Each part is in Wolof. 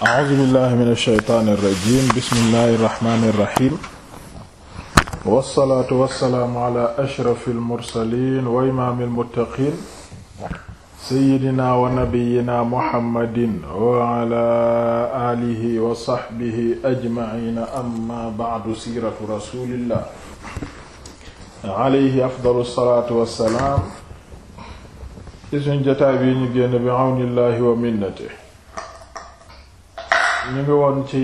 a'uuzu billahi mina shaytaani rajiim bismillahi rahmaani rahiim wassalaatu wassalaamu ala ashrafil mursaliin wa imaamil muttaqiin sayyidina wa nabiyyina muhammadin wa ala aalihi wa sahbihi ajma'iin amma ba'du siiratu rasuulillah alayhi afdalu salaatu wassalaam ci suñu jotaay bi ñu génn bi awnillahi wa minnatihi ñu ngi woon ci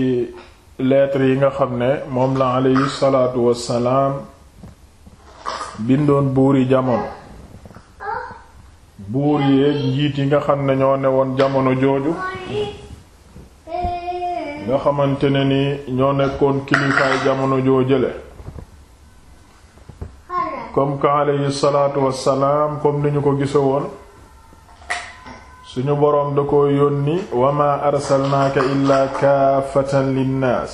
lettre yi nga xam ne moom la aleyhi salaatu wassalaam bindoon buuri jamono buur yeeg njiit yi nga xam ne ñoo ne woon jamono jooju nga xamante ne ni ñoo nekkoon kilifaay jamono joojale comme que aleyhi salaatu wassalaam comme ni ñu ko gise woon suñu boroom da ko yónni wa ma arsalnaaka illaa kaafatan linnaas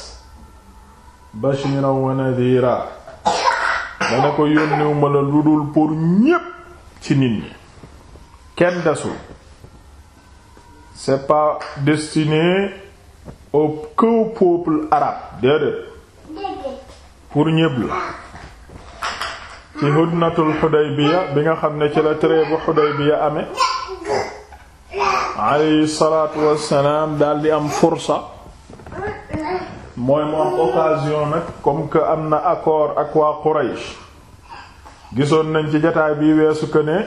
bashiran wa nadhira dana ko yónniwuma la lu dul pour ñépp ci nit ñi kenn desul c'est pas destiné au qu'au peuple arabe déedéet pour ñépp la ci hudnatul Hudaybiya bi nga xam ne ci la trêve Hudaybiya amee alayhi salaatu wassalaam daal di am forsa mooy mu am occasion nag comme que am na accord ak waa Quraysh gisoon nañ ci jataay bi weesu këne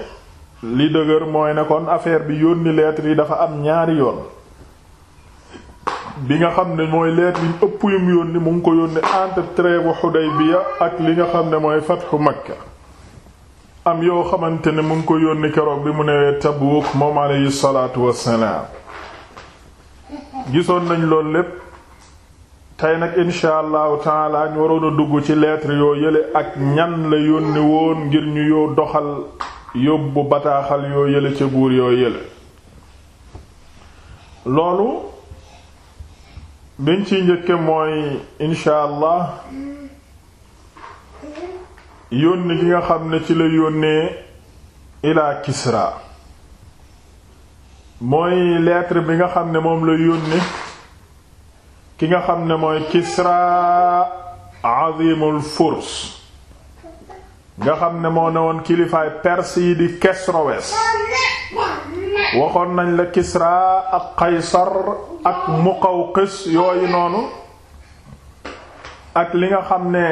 ne li dëgër mooy ne kon bi yónni lettre yi dafa am ñaari yoon bi nga xam ne mooy lettre yi ëpp yum yónni mu ngi ko yónni entre trêve Hudaybiya ak li nga xam ne mooy fathu Makka am yoo xamante ne mu ngi ko yónni keroog bi mu newee Tabuuk moom aleyhi salaatu wassalaam gisoon nañ lool lépp tey nag insha allahu taala ñu waroon a dugg ci lettre yoo yële ak ñan la yónni woon ngir ñu doxal yóbbu bataaxal yoo yële ca buur yoo yële loolu bi ci njëkke mooy insha allah yónni gi nga xam ne ci la yónnee ilaa Kisra mooy lettre bi nga xam ne moom la yónni ki nga xam ne mooy Kisra azimul furs nga xam ne moo ne woon kilifaay perse yi di Kesrowees waxoon nañ la Kisra ak Qaysar ak Muqawqis yooyu noonu ak li nga xam ne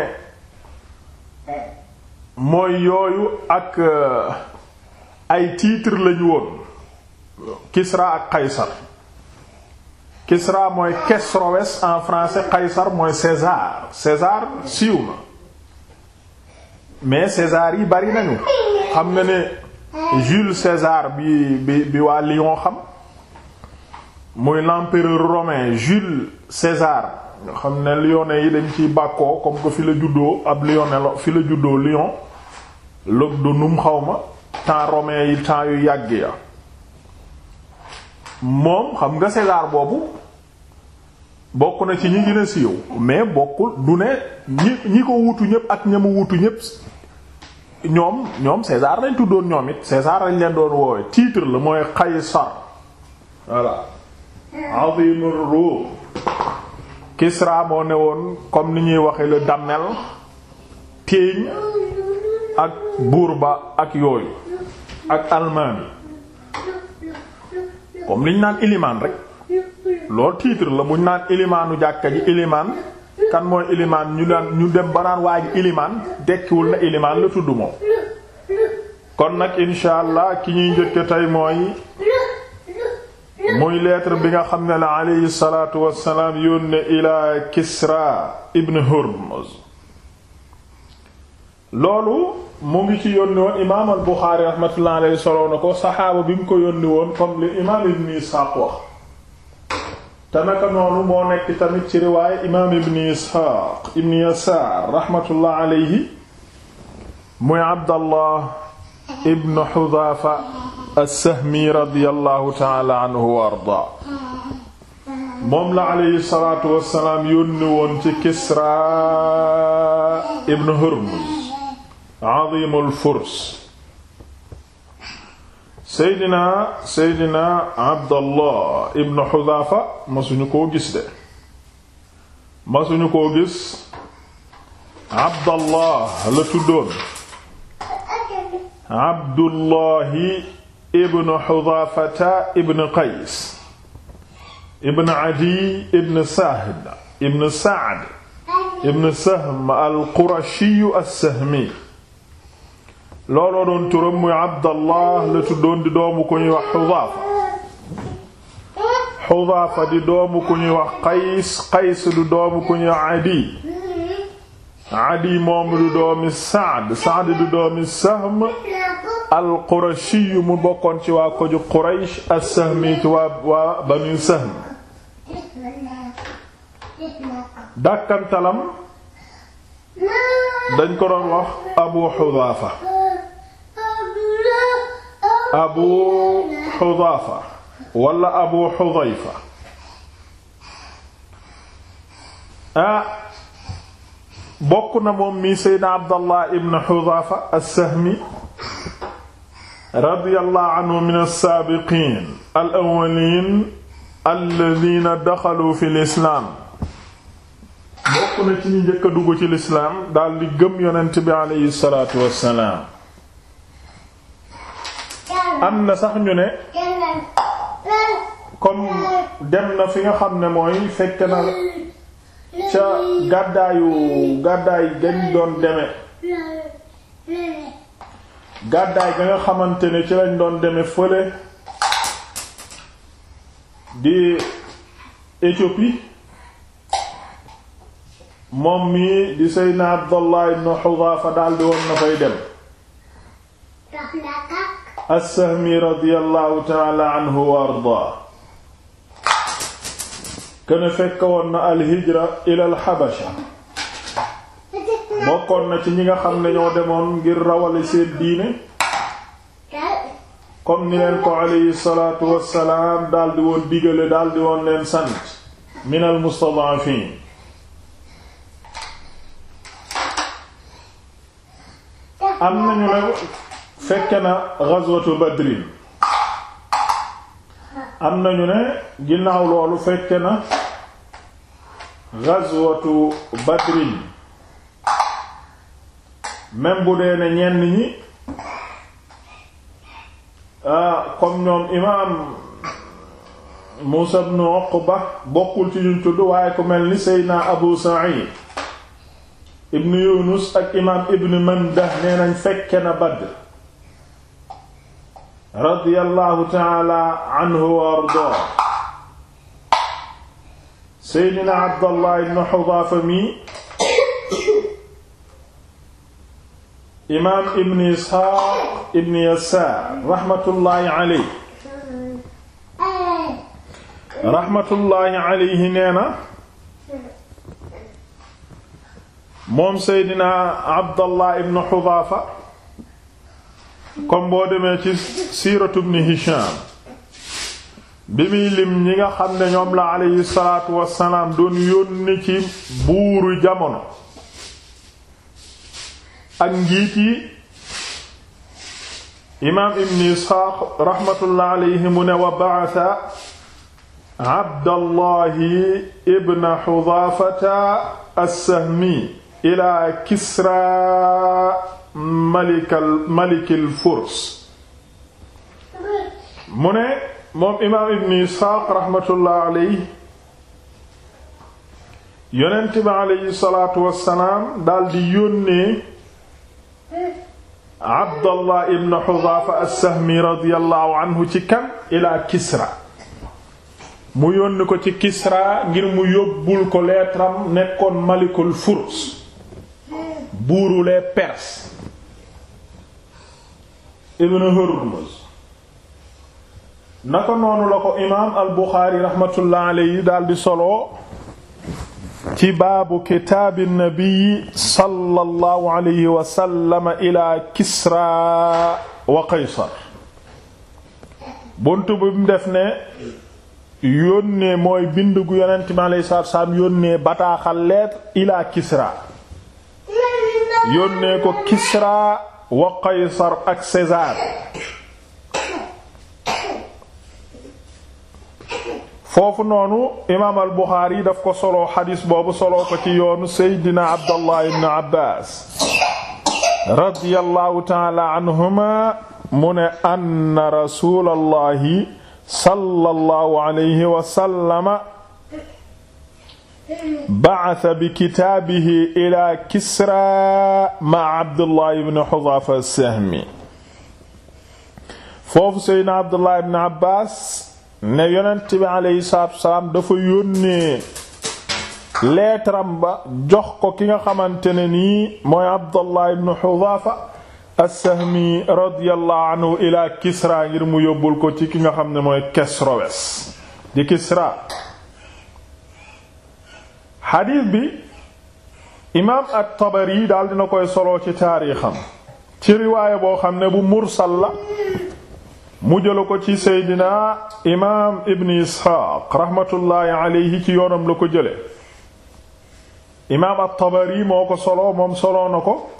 mooy yooyu ak euh, ay titre lañu woon Kisra ak Qaysar Kisra mooy Kesroès en français kaysar mooy César César siiw na mais César yi bari nañu xam na ne Jules César bi bi bi waa Lyon xam muy l'empereur romain Jules César nga xam ne lyonnais yi dañ ciy bàkkoo comme que fi la juddoo ab lyonnais la fi la juddoo Lyon lëg du num xaw ma temps romain yi temps yu yàgg ya moom xam nga César boobu bokk na ci ñi gën a siiw mais bokkul du ne ñi ñi ko wutu ñëpp ak ña mu wutu ñëpp ñoom ñoom César nañ tuddoon ñoom it César lañ leen doon woowe titre la mooy Qaysar voilà azimur ruum Kisra moo ne woon comme ni ñuy waxe le dammel téeñ ak Burba ak yooyu ak almaami comme li ñu naan ilimaan rek loolu titre la bu ñu naan ilimaanu jàkka ji ilimaan kan mooy ilimaan ñu daan ñu dem banaan naan waa ji ilimaan dekkiwul na ilimaan la tudd moom kon nag insha ki ñuy njëkk tey mooy muy lettre bi nga xam ne la aleyhi salaatu wassalaam yónne ilaa Kisra ibn Hurmuz loolu mu ngi ci yónni woon imaam al Buxaari raxmatullahi alayhi soloo na ko saxaaba bi mu ko yónni woon comme li imaam ibn Isxaaq wax te naka noonu moo nekk tamit ci riwaaya imaam ibn Isxaaq ibn Yasaar raxmatullahi alayhi muy Abdallah ibn Xudaafa as-Sahmi radiyallahu taala anhu wa ardaa moom la aleyhi salaatu wassalaam yónni woon ci Kisra ibn Hurmuz azimul furs seydina seydina Abdallah ibn Hudhafa masuñu koo gis de masuñu koo gis Abdallah la tuddoon Abdullahi ibn Xudaafata ibn Qays ibn Adiy ibn Sahd ibn Saad ibn Sahm al-Qurashiyu as-Sahmi looloo doon turam muy Abdallah la tuddoon di doomu ku ñuy wax Xudaafa Xudaafa di doomu ku ñuy wax Qays Qays du doomu ku ñuy wax Adi Adi moom du doomi Saad Saad du doomi Sahm al-Qurashi mu bokkoon ci waa koju Quraysh as-Sahmi ci waa waa Banu Sahm dàkkantalam dañ ko doon wax Abu Hudhafa Abu Hudhafa wala Abu Hudhayfa ah bokk na moom mi Seydina Abdallah ibn Hudhafa as-Sahmi radiyallahu anhu min as-saabiqiin al daxalu fi lislaam bokk na ci ñi njëkk dugg ci lislaam di gëm yonent bi am na sax ñu ne comme dem na fi nga xam ne mooy fekk na ca gàddaayu gàddaay gañ doon deme gàddaay ga nga xamante ne ci lañ doon deme fole di Éthiopie moom mii di Seydina Abdallah ibn Hudhafa daldi woon na fay dem as-Sahmi radiyallahu ta'ala anhu wa ardaa fekk woon al-hijra ila al-Habasha bokkoon na ci ñi nga xam ne ñoo demoon ngir rawale seen diine comme ni leen ko alayhi salaatu wassalaam daldi woon digale daldi woon leen sant minal mustad'afiin am nañu ne na ghazwatu badrin am nañu ne ginnaaw loolu fekke na ghazwatu badrin même bu dee ne ñi ah, comme ñoom imaam Muusa ibn Uqba bokkul ci ñun tudd waaye ku mel ni Seydina Abu Sa'id ibn Yunus ak imaam ibn Mandah nee nañ fekke na Badr radiyallahu taala anhu wa ardaa Seydina Abdallah ibn Hudaafa imaam ibn Isxaaq ibn Yasaar raxmatullaahi alayhi raxmatullaahi nee na moom Seydina Abdallah ibn Xudaafa comme demee ci siiratu ibn Hisham bi muy nga xam ne ñoom la alayhi salaatu wassalaam doon yónni ci buuru jamono ak njiit yi imaam ibn isxaaq raxmatullah alayhi mu ne wa ba'atha abdallahi ibn xudaafata assahmi ila kisra malikal malikil furs mu ne moom imaam ibn isxaaq raxmatullah alayhi yonent bi alayhi salaatu wassalaam daldi yónnee Abdallah ibn Hudhafa as-Sahmi radiyallahu ci kan ila Kisra mu yónni ko ci Kisra ngir mu yóbbul ko leetram nekkoon Malikul Furs buuru les Perses ibn Hurmuz naka noonu la ko imaam al Bukhari rahmatullah alayhi daldi solo ci baabu kitaabi nabii sallallahu alayhi wa sallam ila Kisra wa Qaysar buntu bi mu def ne yónnee mooy bind gu yonent mi alayhi salaatu salaam yónnee bataaxal lettre ila Kisra yónnee ko Kisra wa Qaysar ak César foofu noonu imaam al Buxaari daf ko soloo xadiis boobu soloo ko ci yoonu Seydina Abdallah ibn Abbaas radiyallahu taala anhuma mu ne anna rasulallahi sallallahu alayhi wa sallama ba'atha bi kitaabihi ila Kisra ma'a Abdallah ibn Hudaafa as-Sahmi foofu Seydina Abdallah ibn Abbaas ne yonent bi aleyhi salaatu wasalaam dafa yónnee leetaram ba jox ko ki nga xamante ne nii mooy Abdallah ibn Hudhafa as radiyallahu anhu ila Kisra ngir mu yóbbul ko ci ki nga xam ne mooy Kesrowes di Kisra xadiis bi imaam at-Tabari daal dina koy solo ci taarixam ci riwaaya boo xam ne bu mursal la mu jëla ko ci seydina imaam ibn isxaaq raxmatullaahi aleyhi ci yoonam la ko jële imaam at-tabari moo ko solo moom solo na ko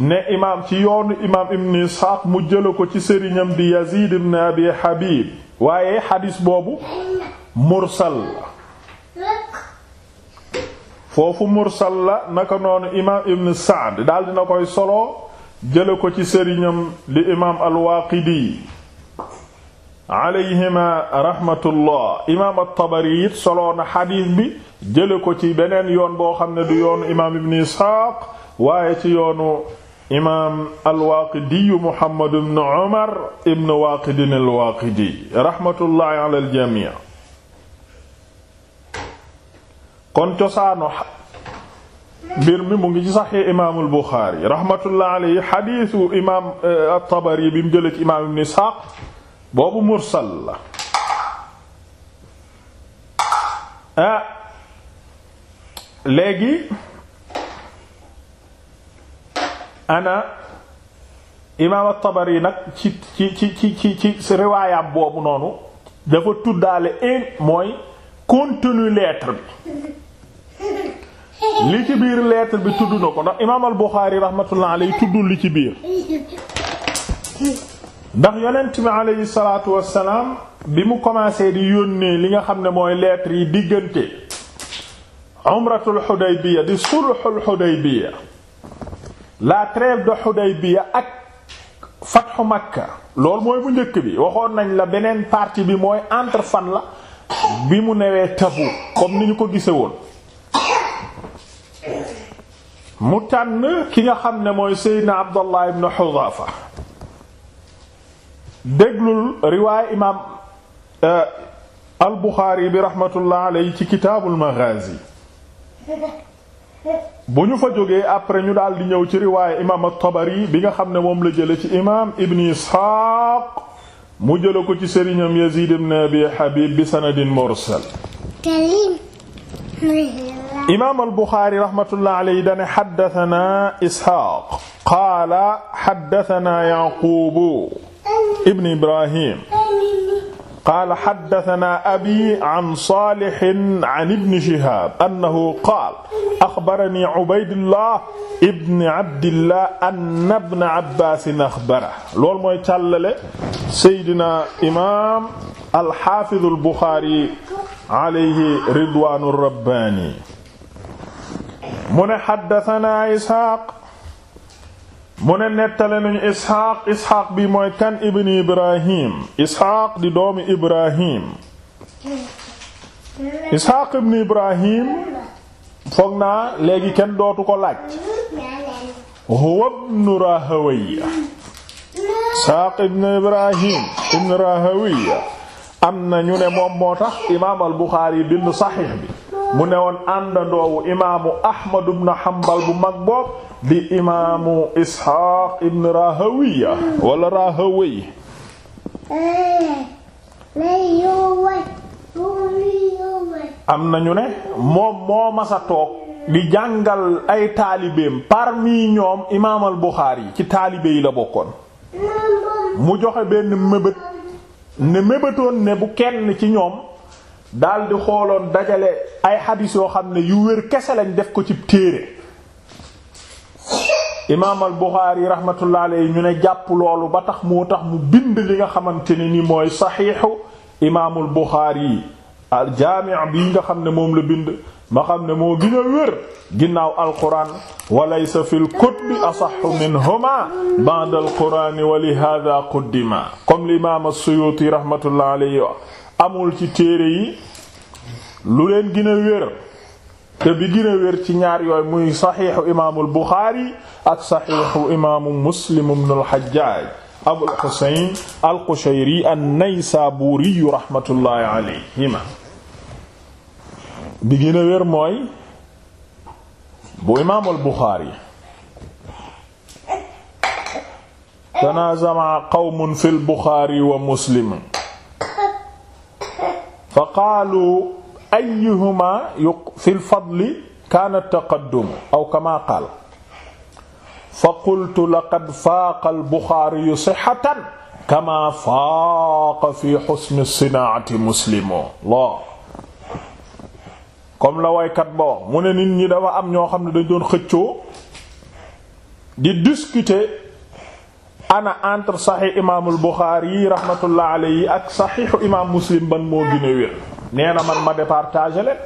ne imaam ci yoonu imaam ibn isxaaq mu jëla ko ci sëriñam di yaziid ibn abi habib waaye xadiis boobu mursal foofu mursal la naka noonu imaam ibn saad daal dina koy solo jële ko ci sëriñam di imaam alwaaqidi alayhima rahmatullah imaam altabari it na xadiis bi jële ko ci beneen yoon boo xam ne du yoonu imaam ibn isxaaq waaye ci yoonu imaam alwaaqidi muhammad ibn umar ibn waaqidin alwaaqidi rahmatullahi ala aljamii kon cosaano mbir mi mu ngi ci saxee imaamul Buxaari rahmatullah alayhi xadiisu imaam eh, at-Tabari bi mu jëlee ci imaam Ibn Isxaaq boobu mursal la ah, léegi ana imaam at-Tabari nag ci ci ci ci boobu noonu dafa tuddaale un mooy contenu lettre bi. lii ci biir lettre bi tudd ko ndax imaam al Buxaari rahmatullah alayhi tuddul li ci biir ndax yonent bi alayhi salaatu wassalaam bi mu commencé di yónnee li nga xam ne mooy lettre yi diggante umratul Hudaybiya di sulhul Hudaybiya la trêve de Hudaybiya ak fathu Makka loolu mooy bu njëkk bi waxoon nañ la beneen partie bi mooy entre fan la bi mu newee Tabuk comme ni ñu ko gise woon mu tànn ki nga xam ne mooy Seydina Abdallah ibn Hudhafa déglul riwaay imaam euh, al bi rahmatullah alayhi ci kitaabul Maghaazi bu ñu fa jógee après ñu daal di ñëw ci riwaay imaam at-Tabari bi nga xam ne moom la jële ci imaam Ibn Isxaaq mu jële ko ci sëriñam Yaziid ibn Abi Habib bi sanadin mursal imaam al-Buxaari rahmatullah alayhi dane xaddatanaa Isxaaq qaala xaddatanaa Yaquubu ibn Ibrahim qaala xaddatanaa abii an Saalih an ibn Shihaab annahu qaala axbaranii Ubaydullah ibn Abdillah anna ibna Abbaas axbarahu loolu mooy càllale Seydina imaam al-Xaafiz al-Buxaari alayhi ridwaanu rabbaani mu ne xaddatanaa isxaaq mu ne nettale nañu isxaaq isxaaq bi mooy kan ibn ibrahim isxaaq di doomi ibrahim isxaaq ibn ibrahim foog naa léegi kenn dootu ko laaj huwa ibn rahawiya isxaaq ibn ibrahim ibn rahawiya am na ñu ne moom moo tax imaam al buxaari bind saxiix bi mu ne woon àndandoowu imaamu ahmadu ibn hanbal bu mag boob di imaamu ishaaq ibn rahawiya wala rahawi am nañu ne moom moo masa toog di jàngal ay taalibeem parmi ñoom imaamal buxaari yi ci taalibe yi la bokkoon mu joxe benn mébét ne mébétoon ne bu kenn ci ñoom daal di xooloon dajale ay xadis yoo xam ne yu wér kese lañ def ko ci téere imaam al Buxaari rahmatullah alayhi ñu ne jàpp loolu ba tax moo tax mu bind li nga xamante ne nii mooy saxiixu imaamul Buxaari al jaami' nga xam ne moom la bind ma xam ne moo gën a wér ginnaaw alquran wa laysa fil kutubi asaxu minhuma ba'da alqurani wa li hada quddima amul ci téere yi lu leen gina a te bi gën a ci ñaar yooyu muy saxiixu imaamul buxaari ak saxiixu imaamu muslim ibn al-Hajjaj abul Husayn al-Qushayri an-Naysaburi rahmatullahi alayhima bi gën a wér mooy bu imaamul buxaari tanaazama qawmun fil wa muslim fa qaalu ayuhuma fi lfadli kaana taqaddumu aw kama qaal fa qultu laqad faaqa albuxaariyu sixatan kama faaqa fi xusni sinaati muslimu lo comme la waykat ba wax mu ne nit ñi dafa am ñoo xam ne dañ doon xëccoo di discuter ana entre saxiix imaamul Buxaari rahmatullah alayhi ak saxiixu imaam Muslim ban moo gën wér nee na man ma départagé leen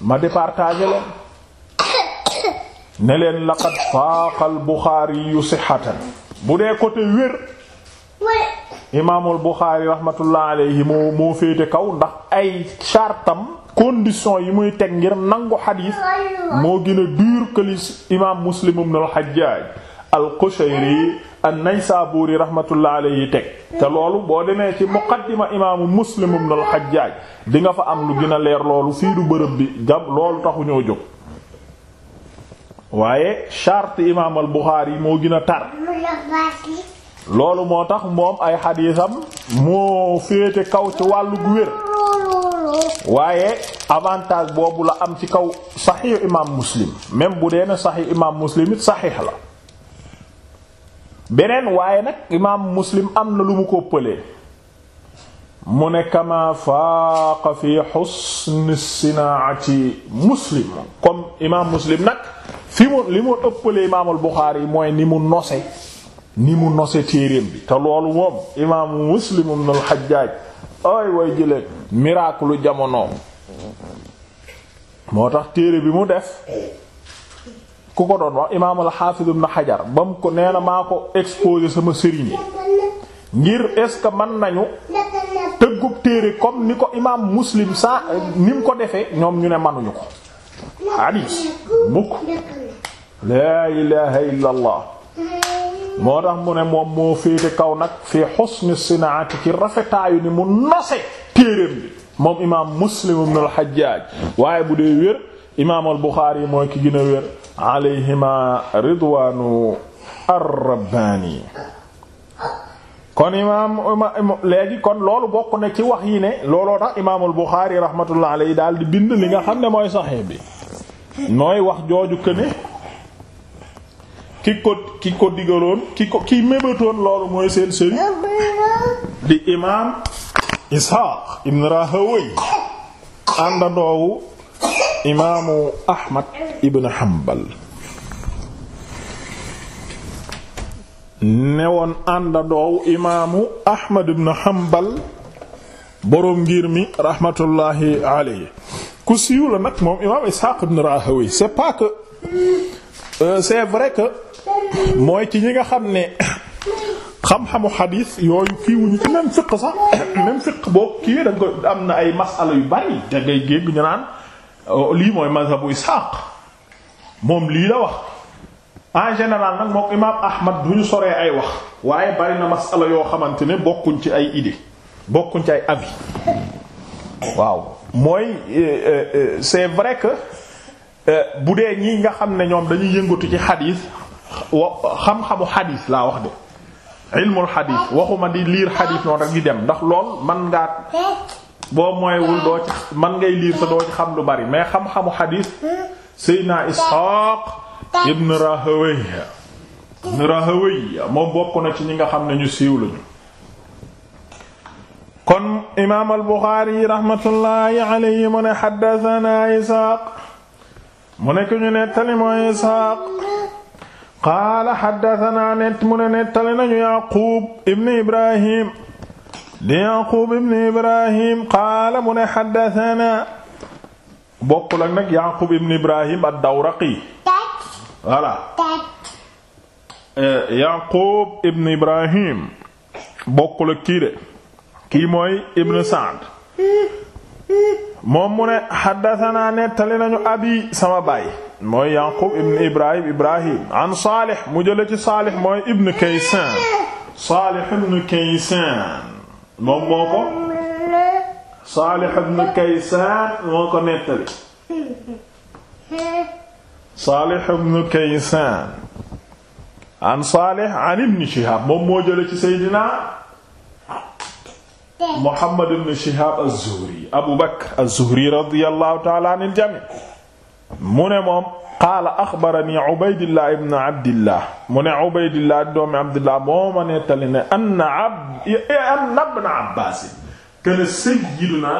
ma départagé leen ne leen laqad faaqal Buxaari yu sixatan bu dee côté wér imaamul Buxaari rahmatullah alayhi moo moo féete kaw ndax ay chartam condition yi muy teg ngir nangu xadiis moo gën a dur que li imaam Muslim ibn al al-Qushayri an-Naysaburi rahmatullah alayhi teg te loolu boo demee ci muqaddima imaamu Muslim ibn al-Hajjaj di nga fa am lu gën a leer loolu fii du bërëb bi jab loolu taxu ñoo jóg waaye charte imaam al yi moo gën a tar loolu moo tax moom ay xadiisam moo féete kaw ci wàll gu wér waaye avantage boobu la am ci kaw saxiix imaam muslim même bu dee ne saxiix imaam muslim it saxiix la beneen waaye nag imaam muslim am na lu mu ko pëlee mu ne kama faaqa fi xusni sinaati muslim comme imaam muslim nag fi mu li mu ëppalee imaamul buxaari mooy ni mu nose ni mu nose téereem bi te loolu moom imaamu muslim ibn al xajjaaj ay way jële miracle jamono moo tax téere bi mu def ku ko doon wax imaam al-Hafiz ibn Hajar ba mu ko nee na maa ko exposé sama sëriñ ngir est ce que mën nañu tëggub téere comme ni ko imaam Muslim sa ni mu ko defee ñoom ñu ne manuñu ko hadis mukk laa ilaha illa moo tax mu ne moom moo féete kaw nag fi husni sinaati ci rafetaayu ni mu nose téereem bi moom imaam Muslim ibn al waaye bu dee wér imaamal Buxaari mooy ki gën a wér alayhima ridwaanu ar kon imaam léegi kon loolu bokk na ci wax yi ne looloo tax imaamul Buxaari rahmatullah daal di bind li nga xam ne mooy saxiix bi nooy wax jooju këne ki ko ki ko digaloon ki ko ki mébatoon loolu mooy seen sëriñ di imaam Isxaaq ibn Rahawayh àndandoowu imaamu Ahmad ibn Hanbal newoon àndandoowu imaamu Ahmad ibn Hanbal boroom ngir mi rahmatullahi alayhi ku siiw la nag moom imaam Ishaq ibn Rahawi c'est pas que euh, c'est vrai que mooy ci ñi nga xam ne xam-xamu xadiis yooyu kii ci même fiq sax même fiq boo kii da nga am na ay masala yu bari da ngay géeg ñu naan. Euh, lii mooy mazhabu Ishaq moom lii la wax en général nag mook imaam Ahmad du ñu soree ay wax waaye bari na masala yoo xamante ne bokkuñ ci ay idée bokkuñ ci ay avis waaw mooy euh, euh, c'est vrai que bu dee ñi nga xam ne ñoom dañuy yëngatu ci xadiis xam-xamu xadiis laa wax de ilmul xadiis waxuma di liir xadiis noonu rek di dem ndax lool man ngaa boo mooywul doo ci man ngay liir sa doo ci xam lu bari mais xam-xamu xadiis Seydina Isxaaq ibn Rahawayh ibn Rahawayh moom bokk na ci ñi nga xam ne ñu siiw lañu kon imaam al-Buxaari raxmatullaahi alayhi mu ne xaddasanaa Isxaaq mu ne ku ñu nettali mooy Isxaaq qaala xaddasanaa net mu ne nettali nañu Yaquub ibn Ibrahim di Yaaqub ibn Ibrahim qaala mu ne bokkul ak nag Yaaqub ibn Ibrahim ad-Dawraqi voilà Yaaqub ibn Ibrahim bokkul ak kii de kii mooy Ibn Sa'd moom mu ne haddathana nettali nañu abi sama baay mooy Yaqub ibn Ibrahim Ibrahim an Salih mu jële ci Salih mooy Ibn Kaysan Salih ibn Kaysan moom moo ko Saalih ibn Kaysaan moo ko nettali Saalih ibn Kaysaan an Saalih an ibn Shihaab moom moo jële ci Seydina Muhammad ibn Shihaab az-Zuhri Abu Bakr az-Zuhri radiyallahu ta'ala anil jami' mu ne moom qaala axbarani ubaydillah ibn abdillah mu ne ubaydillah doomi abdillah moo ma nettali ne anna abd anna ibn abbaas kana sayyiduna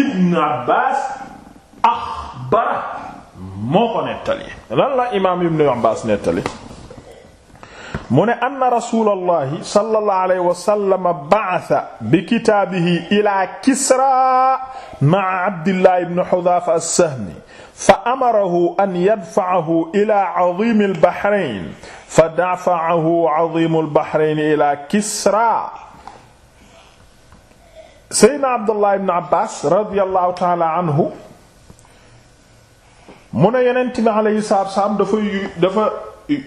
ibn abbaas axbara moo ko nettali lan la imaam ibn abbaas nettali mu ne anna rasuulallahi sallallahu alayhi wa sallam ba'atha bi kitaabihi ilaa kisra ma'a abdillah ibn hudaafa as-sahmi fa amarahu an yadfa'ahu ila azimi al-Bahrayn fa dafa'ahu azimu al-Bahrayn ila Kisra Seydina Abdullah ibn Abbas radiyallahu ta'ala anhu mu ne Yonent bi alayhi salaatu wa salaam dafa dafa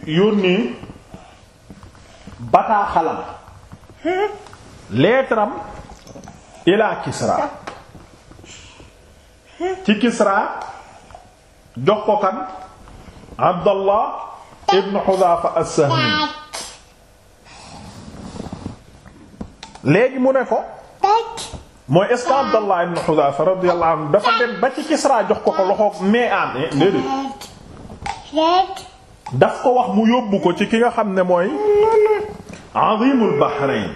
yónni bataaxalam leetaram ila Kisra ci Kisra jox ko kan Abdallah ibn Hudhafa as-Sahmi léegi mu ne ko mooy est-ce que Abdallah ibn Hudhafa radiyallahu anhu dafa dem ba ci jox ko ko loxo mais aan ah, déedéet daf ko wax mu yóbbu ko ci ki nga xam ne mooy azimul Bahrain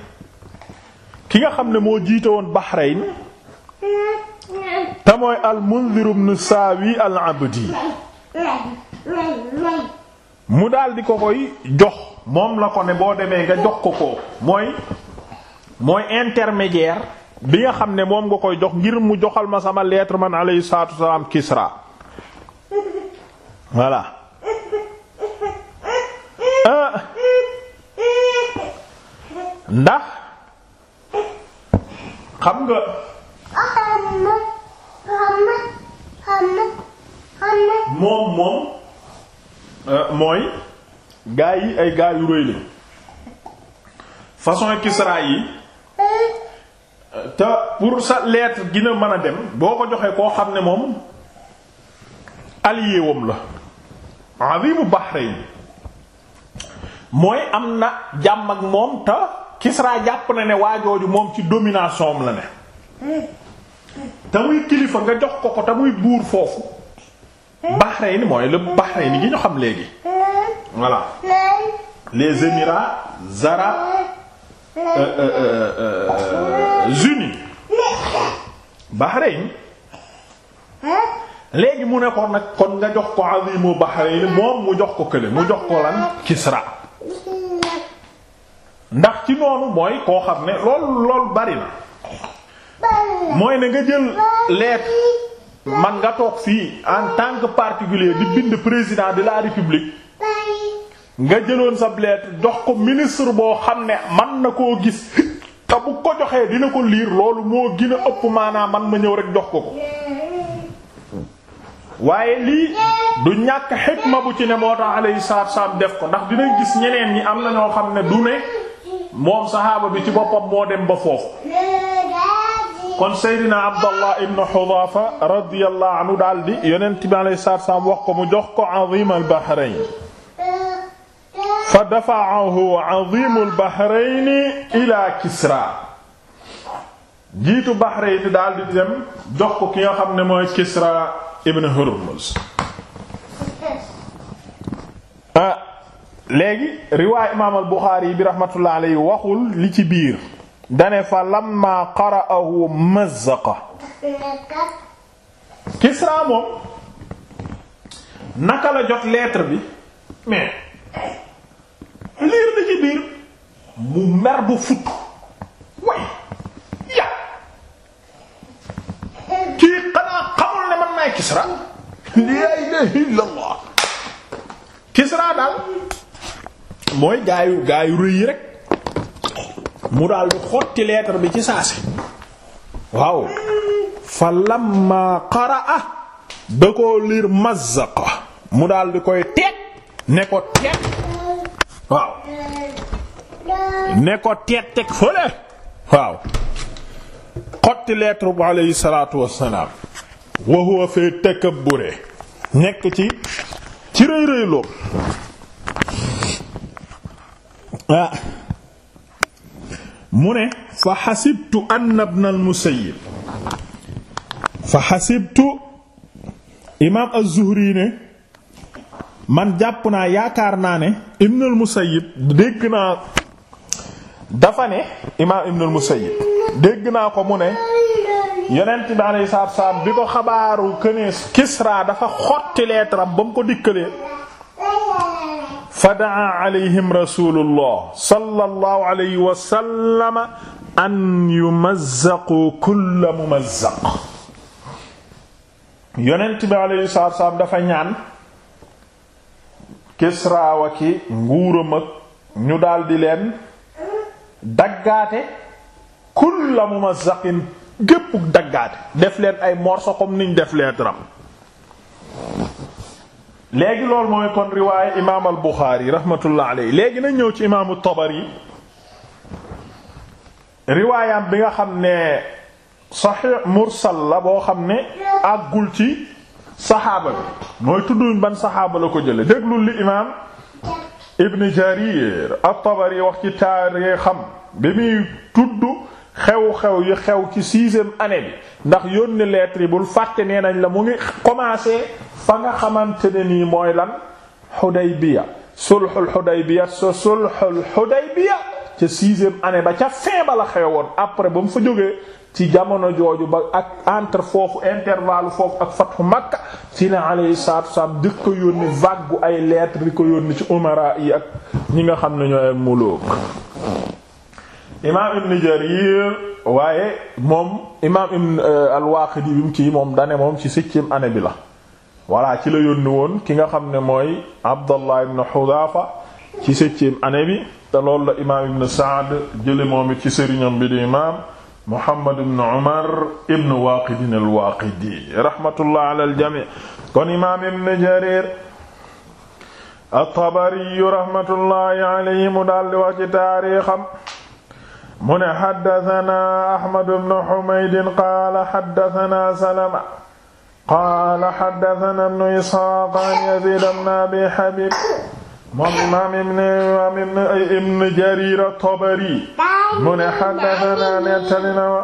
ki nga xam ne moo jiito woon Bahrain te mooy al Munzir ibn Saawi al Abdi mu daldi ko koy jox moom la ko ne boo demee nga jox ko ko mooy mooy intermédiaire bi nga xam ne moom nga koy jox ngir mu joxal ma sama lettre man alayhi salaatu wasalaam Kisra voilà euh, ndax xam nga. moom moom euh, mooy gaa yi ay gaa yu rëy la façon Kisra yi te pour sa lettre gina mën a dem boo ko joxee koo xam ne moom allié wam la azimu Bahrain mooy am na jàmm ak moom te Kisra jàpp na ne waajooju moom ci domination la ne te muy kilifa nga jox ko ko te muy buur foofu Bahreïn mooy le Bahreïn gi ñu xam léegi voilà les Émirats arabes euh, euh, euh, unis Bahreïn léegi mu ne ko nag kon nga jox ko azimu Bahreïn moom mu jox ko kële mu jox ko lan Kisra ndax ci noonu mooy koo xam ne lool lool bari na mooy ne nga jël leet man nga toog fii en tant que particulier di bind président de la république nga jëloon sa lettre jox ko ministre boo xam ne man na koo gis te bu ko joxee dina ko liir loolu moo gën ëpp maanaa man ma ñëw rek jox ko ko waaye lii du ñàkk xikma bu ci ne moo tax alayhi salaatu salaam def ko ndax dinañ gis ñeneen ñi am na ñoo xam ne du ne moom saxaaba bi ci boppam moo dem ba foofu kon Seydina Abdallah ibn Hudhafa radiyallahu anhu daal di yonent bi alayhi salaam wax ko mu jox ko azim al-Bahrayn fa dafa'ahu azim al-Bahrayn ila Kisra jiitu Bahrayn daal di dem jox ko ki nga xam ne mooy Kisra ibn Hurmuz ah léegi riwaay imaam al-Bukhari bi rahmatullah alayhi waxul li ci biir. dane fa lamma qara'ahu mazzaqa Kisra moom naka la jot lettre bi mais liir na ci biir mu mer bu fut way ya kii xanaa xamul ne man maay Kisra laa ilaaha illallaah Kisra daal mooy gaayu gaayu rëy rek mu daal di xotti lettre bi ci saasi waaw fa lamma qaraa da koo liir mazzaqa mu daal di koy teet ne ko teet waaw ne ko teet teg fële waaw xotti lettre bu alayhi salaatu wassalaam wa huwa fi nekk ci ci rëy rëy loom ah mu ne fa xasibtu anna ibn al-Musayyib fa xasibtu imaam az-Zuhri ne man jàpp naa yaakaar naa ne ibn al-Musayyib dégg naa dafa ne imaam ibn al dégg naa ko mu ne yonent bi alayhi salaatu wa salaam bi ko xabaaru kënees Kisra dafa xotti leetaram ba mu ko dikkalee fa daa alayhim rasulullah sallallahu alayhi wa sallam an yumazzaqu kulla mumazzaq yonent bi dafa ñaan kisraawa ki nguuram ñu daldi leen daggaate kulla mumazzaqin gépp daggaate def leen ay morso comme niñ def leen ram léegi loolu mooy kon riwaaya imaam al Buxaari rahmatullah aleyhi léegi nañ ñëw ci imaamu Tabari riwaayam bi nga xam ne saxiix mursal la boo xam ne àggul ci saxaaba bi mooy tudduñ ban saxaaba la ko jële déglul li imaam Ibn Jarir at-Tabari wax ci taarixam bi muy tudd xew-xew yi xew ci sixième année bi ndax yónni leetr yi bul fàtte nee nañ la mu ngi commencé fa nga xamante ne nii mooy lan Hudaybiya sulhul Hudaybiya sa sulhul Hudaybiya ca sixième année ba ca fin ba la xewoon après ba mu fa jógee ci jamono jooju ba ak entre foofu intervalle foofu ak fathu Makka ci la alayhi salaatu wassalaam di ko yónni vague ay lettre di ko yónni ci umara yi ak ñi nga xam ne ñooy muluk imaam ibn Jarir waaye moom imaam ibn euh, al-Waaqidi bi moom dane moom ci septième année bi la voilà ci la yónni woon ki nga xam ne mooy Abdallah ibn Hudaafa ci septième année bi te la imaam ibn Saad jële moom it ci sëriñam bi di imaam Muhammad ibn Umar ibn Waaqidin al-Waaqidi rahmatullah ala kon imaam ibn Jarir at rahmatullahi alayhi mu daal di wax ci mu ne xaddatanaa ahmadu bnu xumaydin qaala xaddatanaa salama qaala xaddatanaa bnu isxaaq an yaziid bnu abi xabiib moom imaam ibn jariir at-tabari mu ne xaddatanaa nettali na wa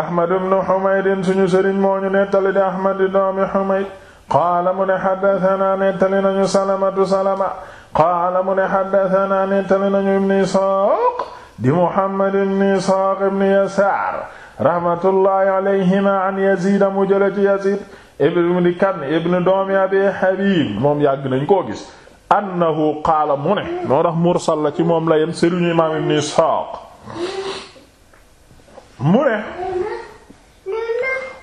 ahmadu bnu xumaydin suñu sëriñ moo ñu nettali di ahmad di doomi xumayd qaala mu ne xaddatanaa nettali nañu salamatu salama qaala mu ne xaddatanaa nettali nañu ibn isxaaq di Muhammad ibn Isaaq ibn Yasaar rahmatullahi alayhima an Yazid mu jële ci Yazid ibn Kan ibn doomi Abi Habib moom yàgg nañ koo gis annahu qaala mu ne moo tax mursal la ci moom la yem sëriñu imaam ibn Isaaq mu ne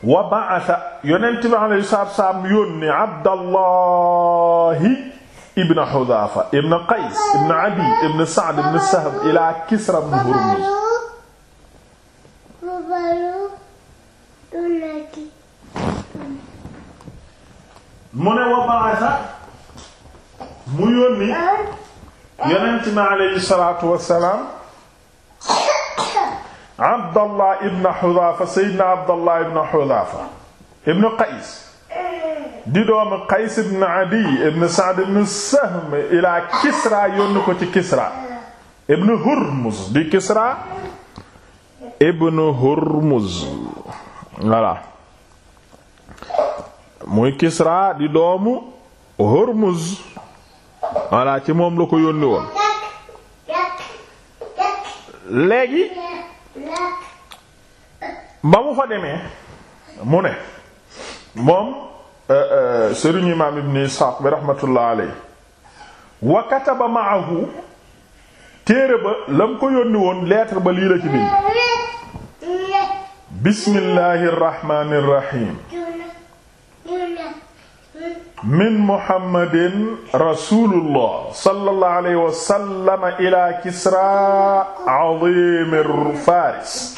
wa ba'atha yonent bi alayhi salaam yónni Abdallahi ibn Hudhafa ibn Qays ibn Adi ibn Sa'd ibn Sahm ila Kisra ibn Hurmuz mu ne wa ba'atha mu yónni yonent mi alayhi salaatu wa salaam Abdallah ibn Hudhafa sayyidina Abdallah ibn Hudhafa ibn Qays di doomu Qays ibn Adiy ibn Sa'd ibn Sahm ila Kisra yónni ko ci Kisra ibn Hurmuz di Kisra ibn Hurmuz voilà muy Kisra di doomu Hurmuz voilà ci moom la ko yónni woon léegi ba mu fa demee mu ne moom Euh, euh, sëriñu imaam ibn Isxaaq bi raxmatullah aley wa kataba maahu téere ba la mu ko yónni woon lettre ba lii la ci bind bismillahi rrahmani rrahim min muhammadin rasulullah sallallahu alayhi wa sallam ila kisra azimir faris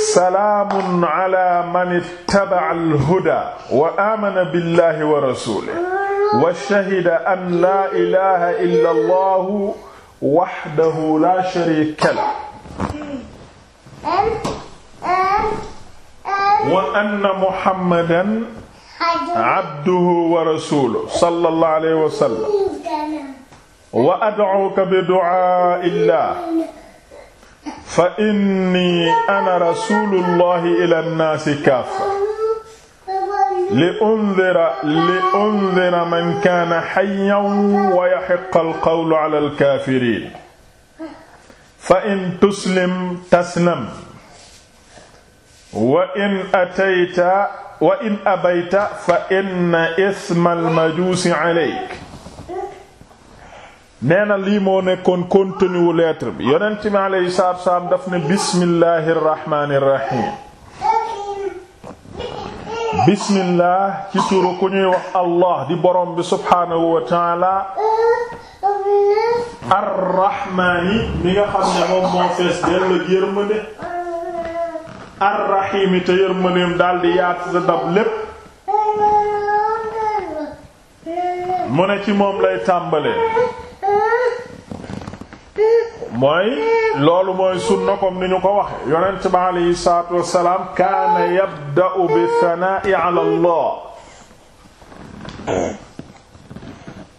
salaamun ala man ittaba'a al-huda wa amana billahi wa rasulihi wa shahida an la ilaha illa allah wahdahu la sharika lahu wa anna muhammadan abduhu wa rasuluhu sallallahu alayhi wa sallam wa ad'uka bi du'a'illah fa inni ana rasulullahi ila nnaasi kaafa li undira li undira man kaana hayyan wa yahiqqa alqawlu ala alkaafiriin fa in tuslim taslam wa in atayta wa in abayta fa inna isma almajuusi alayk nee na lii moo nekkoon contenu wu bi yonent mi alayhi salaatu salaam daf ne bismillahi rahmaani rahiim borom bi subhaanahu wa taala mi nga xam ne moom moo fees dell yërmande arrahiimi te yërmandeem daldi yaatu da dab lépp mu ne ci moom lay tàmbalee mooy loolu mooy sunna comme ni ñu ko waxe yonent bi aleyhi salaatu wassalaam kaana yabda'u bi thanaa'i ala Allah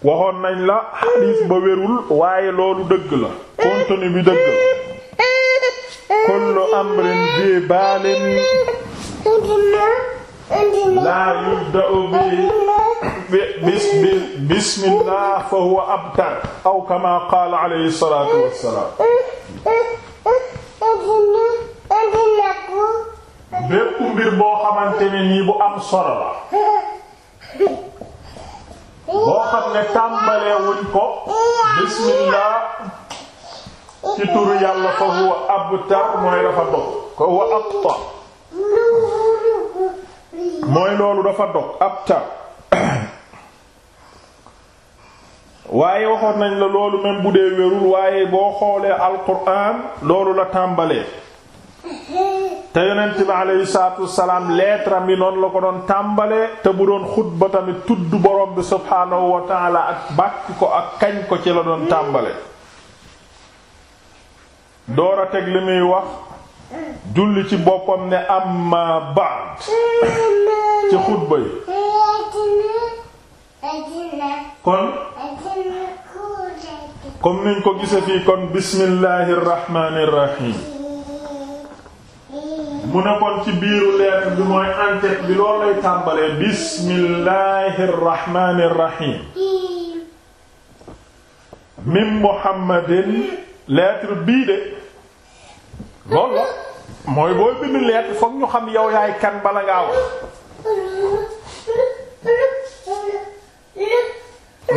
waxoon nañ la xadiis ba wérul waaye loolu dëgg la contenu bi dëgg la kullu amrin bi laa yubda'u bi bismillah fa huwa abtar aw kama qaala alayhi salaatu wassalaam bépp mbir boo xamante ne nii bu am solo la boo xam fa huwa abtar mooy dafa dog ko huwa mooy loolu dafa dog ab tar waaye waxoon nañ la loolu même bu dee wérul waaye boo xoolee alquran loolu la tàmbalee te yonent bi aleyhi salaatu wasalaam lettre mi noonu la ko doon tàmbalee te bu doon ba tamit tudd borom bi subhaanahu wa ak bàkk ko ak kañ ko ci la doon tàmbale door a teg li muy wax julli ci boppam ne amma ba'd ci xutba yi kon comme niñ ko gise fii kon bismillaahir rahmaanir rahiim mu ne kon ci biiru lettre bi mooy en-tête bi loolu lay bismillaahir rahmaanir rahiim min muhammadin lettre bii de loolu la mooy booy bind lettre fokk ñu xam yow yaay kan bala ngaa wax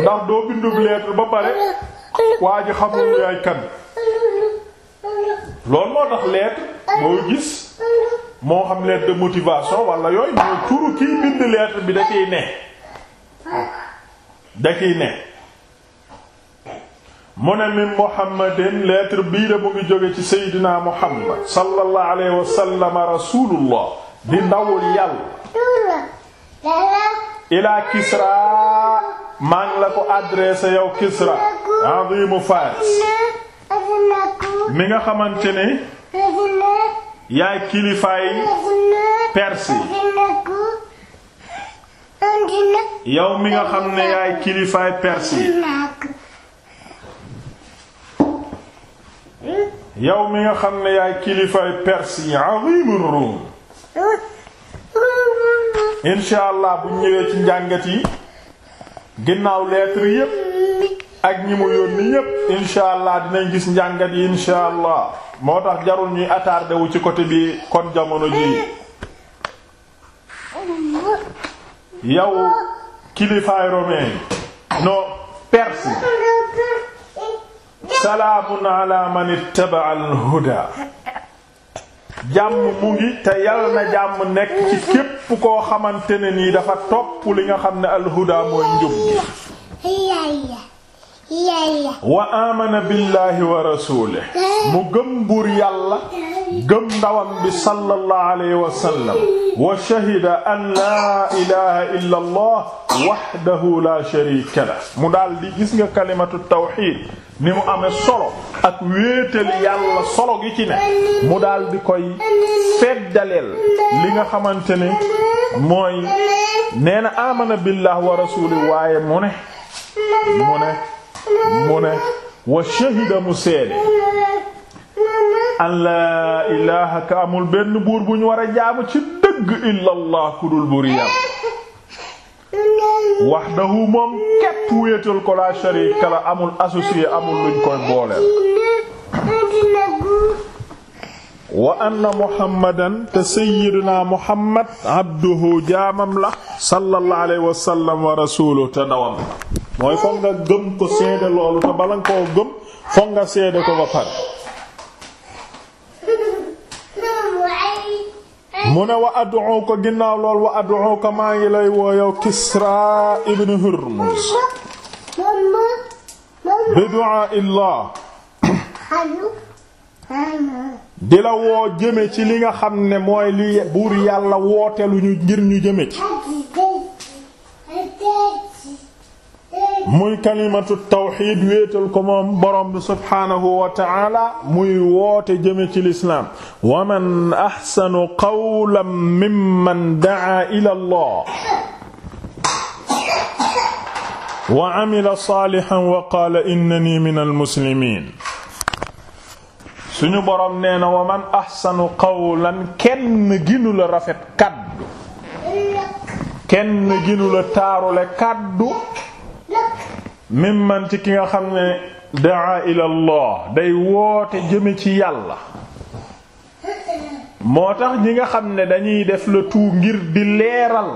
ndax doo bindub lettre ba pare waa ji xamul yaay kan loolu moo tax lettre boo gis moo xam lettre de motivation wala yooyu mooy turu kiy bind lettre bi da ne da ciy ne mu ne min muhammadin lettre bii de mu ngi jóge ci seydina muhammad sallallahu alayhi wa sallam rasulullah di ndawul yàlla ilaa kisra maa la ko adressé yow kisra azimu mi nga xamante ne yaay kilifaay perse yow mi nga xam ne yaay kilifay perse yi azimur rum incha allah bu ñëwee ci njàngat yi ginnaaw lettre yépp ak ñi mu yónni yépp incha allah dinañ gis njàngat yi incha allah moo tax jarul ñuy attardé ci côté bi kon jamono ji yow kilifaay romain non perse salaamun ala man ittaba al-huda jàmm mu ngi te yal na jàmm nekk ci képp ko xamante ne nii dafa topp li nga xam ne al-huda mooy njub gi wa amana billahi wa rasulih mu gëm buur yàlla gëm ndawam bi sallallahu alayhi wa sallam wa shahida an laa ilaha illa allah wahdahu la sharika lah mu daal di gis nga kalimatu tawxid ni mu amee solo ak wéetal yàlla solo gi ci ne mu daal di koy feddaleel li nga xamante ne mooy nee na amana billah wa rasulih waaye mu ne mu ne mu wa shahida mu seede an laa ilaha ka amul benn buur bu war a jaamu ci dëgg illa allah ku dul buur wahdahu moom képp wéetal ko la sharika la amul associé amul luñ koy booleel wa anna muhammadan te sayyiduna muhammad abduhu jaamam la sallallahu alayhi wa sallam wa rasuluhu te ndawam la mooy foog nga gëm ko seede loolu te bala nga koo gëm foog nga seede ko ba pare mu ne wa ad'u ko ginnaaw lool wa ad'u ko maa ngi lay woo yow Kisra ibn Hurmuz bi du'a illah di la woo jëme ci li nga xam ne mooy li buur yàlla woote lu ñu ngir ñu jëme ci muy kalimatu tawxiid wéetal ko moom borom bi subhaanahu wa taala muy woote jëme ci lislaam wa man axsanu qawlan mimman dacaa ila allah wa camila saalixan wa qaala innani min almuslimiin suñu borom nee na wa man axsanu qawlan kenn ginu la rafet kaddu kenn ginu la taarule kaddu mimman ci ki nga xam ne daa ila Allah day woote jëme ci yàlla moo tax ñi nga xam ne dañuy def le tout ngir di leeral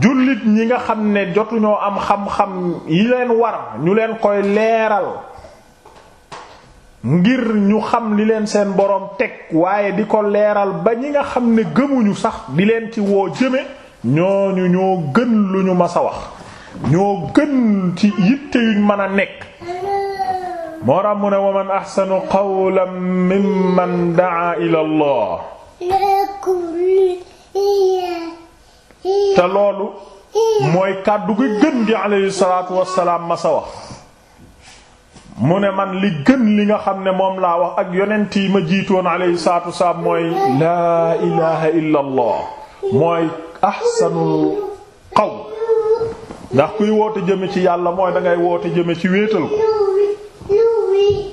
jullit ñi nga xam ne jotuñoo am xam-xam yi leen war ñu leen koy leeral ngir ñu xam li leen seen boroom teg waaye di ko leeral ba ñi nga xam ne gëmuñu sax di leen ci woo jëme ñooñu ñoo gën lu ñu masa wax ñoo gën ci yitte yuñ mën a nekk moo tax mu ne wa man ahsanu qawlan mimman da'a ila te loolu mooy kàddu gi gën gi ma sa wax mu ne man li gën li nga xam ne moom laa wax ak yonent yi ma jiitoon alayhi salaatu wassalaam mooy laa ilaha illa mooy ahsanu ndax kuy woote jëme ci yàlla mooy dangay woote jëme ci wéetal ko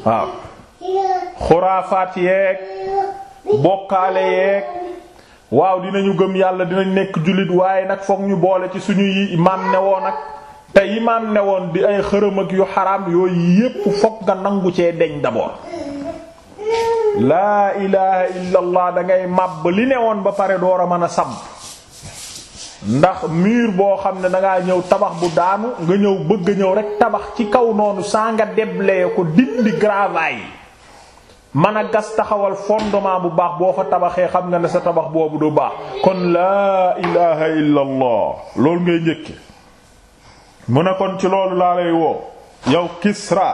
waaw xuraafaat yeeg bokkaale yeeg waaw dinañu gëm yàlla dinañ nekk jullit waaye nag fokk ñu boole ci suñu yi maam ne woon ak te yi maam ne woon di ay xërëm yu xaraam yooyu yépp fokk nga nangu cee deñ d'abord laa ilaha illallah dangay màbb li ne woon ba pare door a mën a sàmm ndax miir boo xam ne danga ngaa ñëw tabax bu daanu nga ñëw bëgg a ñëw rek tabax ci kaw noonu saa nga déblee ko dindi gravaay man a gas taxawal fondement bu baax boo fa tabaxee xam nga ne sa tabax boobu du baax kon laa ilaha illa allah loolu ngay njëkke mu ne kon ci loolu laa lay woo yow kisra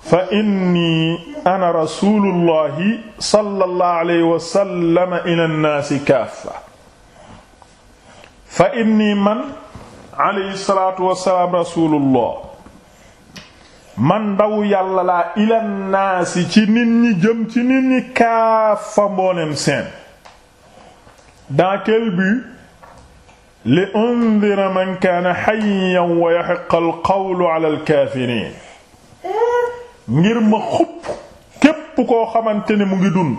fa inni ana rasulullahi sallallahu alayhi wa sallam ila nnaasi kaafa fa inni man alayhi salaatu wassalaam rasulullah man ndaw yàlla laa ilan naasi ci nit ñi jëm ci nit ñi kaafa mboolem seen dans quel but li undira man kaana hayyan wa yahiqqa al ala al ngir ma xupp képp koo xamante ni mu ngi dund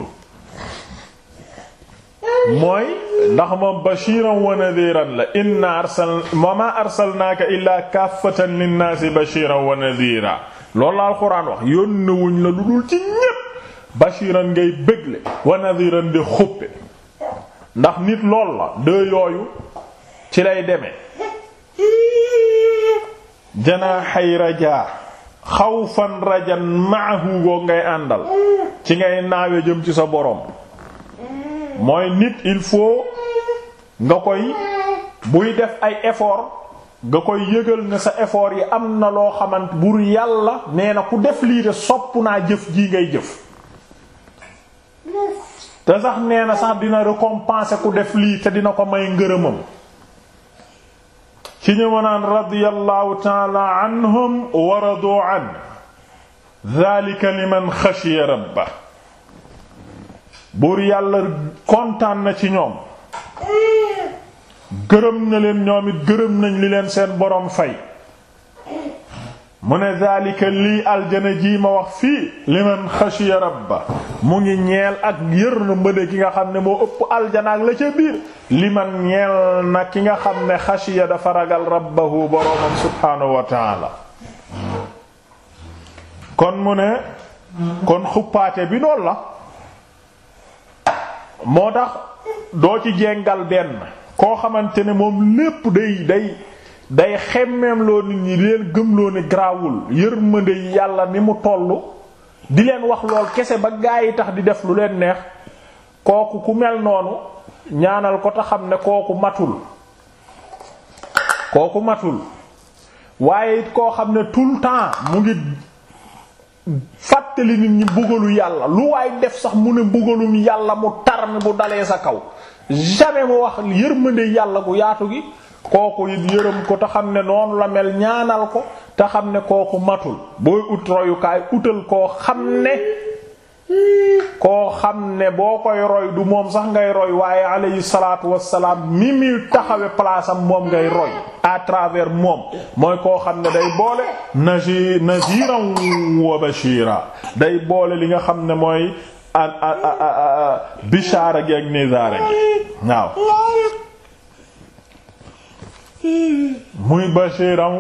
mooy ndax moom bashiran wa nadhiran la inna arsal wama arsalnaaka illaa kaffatan linnaasi bashiran wa nadhira loolu la alxuraan wax yónnewuñ la lu dul ci ñépp bashiran ngay bégle wa nadhiran di xuppe ndax nit lool la de yooyu ci lay deme janaaxay rajaa xawfan rajan maahu goo ngay àndal ci ngay naawe jëm ci sa boroom mooy nit il faut nga koy buy def ay effort nga koy yëgal ne sa effort yi am na loo xamant buur yàlla nee na ku def lii de sopp naa jëf ji ngay jëf te sax nee na sax dina recompense ku def lii te dina ko may ngërëmam ci ñu mënaan radiyallahu ta'ala anhum wa radu an dhalika liman khashiya rabbah buur yàlla kontaan na ci ñoom gërëm na leen ñoom it gërëm nañ li leen seen boroom fay mu ne daalika lii aljana jii ma wax fii liman xashiya rabba mu ngi ñeel ak yër na mbëne ki nga xam ne moo ëpp aljana ak la ca biir li man ñeel na ki nga xam ne xashiya dafa ragal rabbahu boroomam subhaanahu wa kon mu ne kon xuppaate bi lool la moo tax doo ci jengal benn koo xamante ne moom lépp day day day xemmeem loo nit ñi di leen gëmloo ne garaawul yërmande yàlla ni mu tollu di leen wax lool kese ba gaa tax di def lu leen neex kooku ku mel noonu ñaanal ko te xam ne kooku matul kooku matul waaye it koo xam ne tout le mu ngi fàttali nit ñi mbugalu yàlla lu waay def sax mu ne mbugalum yàlla mu tar mi bu dalee sa kaw jamais mu wax yërmande yàlla gu yaatu gi kooku it yërëm ko te xam ne noonu la mel ñaanal ko te xam ne kooku matul booy ut royukaay utal koo xam ne koo xam ne boo koy roy du moom sax ngay roy waaye alayhi salaatu wassalaam mi muy taxawe palaasam moom ngay roy à travers moom mooy koo xam ne day boole naji naziran wa day boole li nga xam ne mooy a a bishaara gi ak nizaara waaw muy bashiran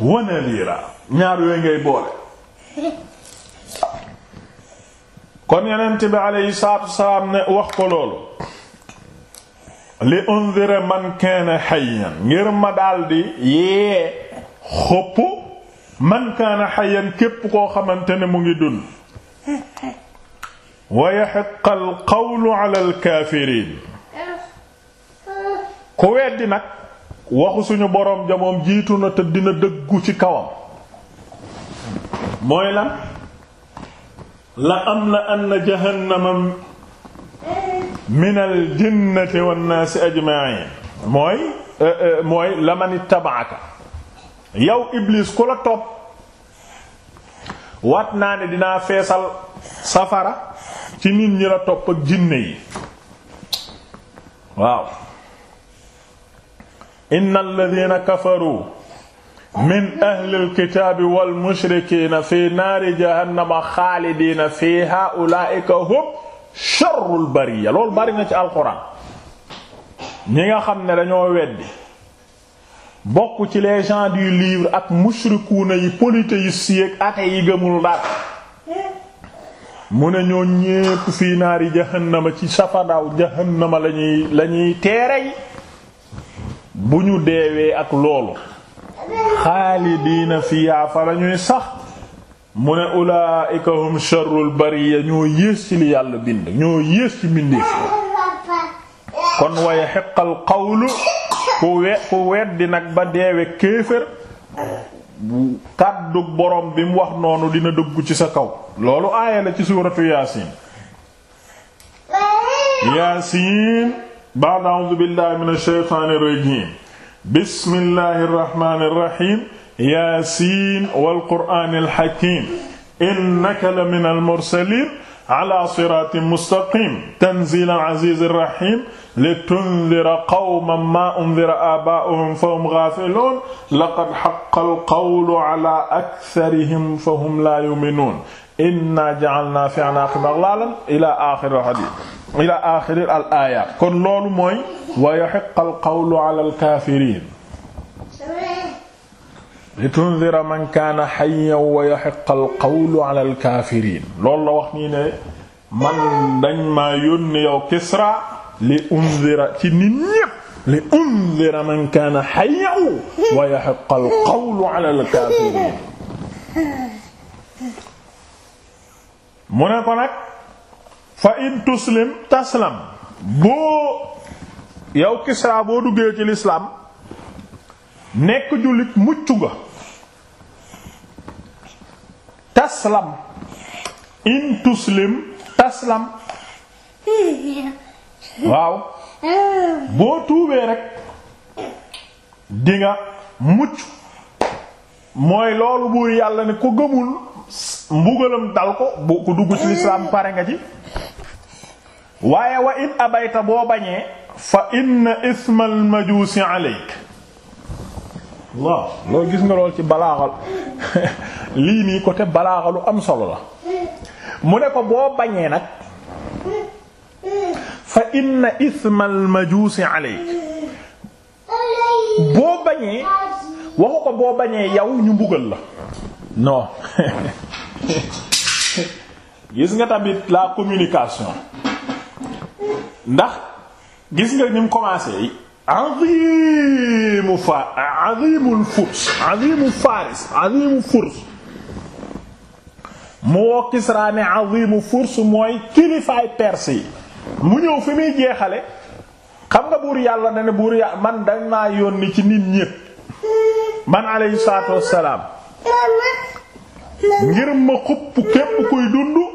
wa nadira ñaar yooyu ngay boole kon yonent bi aleyhi salaatu wasalaam ne wax ko loolu li undhira man kaana hayyan ngir ma daldi yee xëpp man kaana hayyan képp koo xamante ne mu ngi dund wa yahiqqa al qawlu ala al kaafiriin ku weddi nag waxu suñu boroom jamoom jiitu na te dina dëggu ci kawam mooy lan la am la anna jahannama min al jinnati wan naasi ajma'in mooy eh, eh, mooy la man ittabaaka yow Iblis ku la topp waat naa ne dinaa feesal safara ci nit ñi la topp ak jinne yi waaw inna alladhina kafaru min ahlil kitaabi wal mushrikiina fi naari jahannama xaalidiina fiihaa ulaa'ika hum sharrul bariyya loolu bari na ci alxuraan ñi nga xam ne dañoo weddi bokk ci les gens du livre ak mushrikuuna yi polythéistes yi ak athées yi gëmul dara mu ne ñoo ñépp fii naari jahannama ci safanaaw jahannama lañuy lañuy teere yi bu ñu deewee ak loolu xaalidiina fiha fa la ñuy sax mu ne ulaa'ika hum sharrul bariyya ñoo yées ci li yàlla bind ñoo yées ci mbindeef kon wa yahiqqal qawlu ku we weddi nag ba deewe kéefër kàddu borom bi wax noonu dina dugg ci sa kaw loolu aaya la ci suuratu yaasiin yaasiin ba'da a'uuzu billaahi minash shaytaanir rajiim bismillahi irrahmani irrahim yaasiin walqur'aani alxakim innaka la min almursalin ala siraatin mustaqim tanziilan aziizir rahiim litundira qawman maa undira aabaa'uhum fahum gaafiluun laqad haqqal qawlu ala aktharihim fahum laa yu'minuun innaa ja'alnaa fii a'naaqihim aghlaalan ilaa aaxiril hadiis ila axiri al aaya kon loolu mooy wa yahiq al qawlu ala al kaafiriin li tunzira man kaana hayyan wa yahiq al qawlu ala al kaafiriin loolu la wax nii ne man dañ maa yónni yow Kisra li unzira ci nit ñépp li unzira man kaana hayyan wa yahiq al qawlu ala al kaafiriin mu ne ko nag fa in tuslim taslam boo yow Kisra boo duggee ci lislaam nekk jullit mucc nga taslam in tuslim taslam waaw boo tuubee rek dinga mucc mooy loolu buur yàlla ne ko gëmul mbugalam dal ko bu ko dugg ci lislaam pare nga ci waaye wa in abayta boo bañee fa inna ismal majuusi aleyk waaw gis nga lool ci balaaxal lii nii côté balaaxalu am solo la mu ne ko boo bañee nag fa inna ismal majuusi aleyk boo bañee waxu ko boo bañee yow ñu mbugal la non gis nga tamit la communication ndax gis nga ni mu commencé yi azimu fa azimul furs azimu faris azimu furs mu woo Kisra furs mooy kilifaay perse yi mu ñëw fi muy jeexale xam nga buur yàlla na ne buur yàlla man dañ yónni ci nit ñépp man alayhi salaatu wassalaam ngir ma xupp képp kuy dund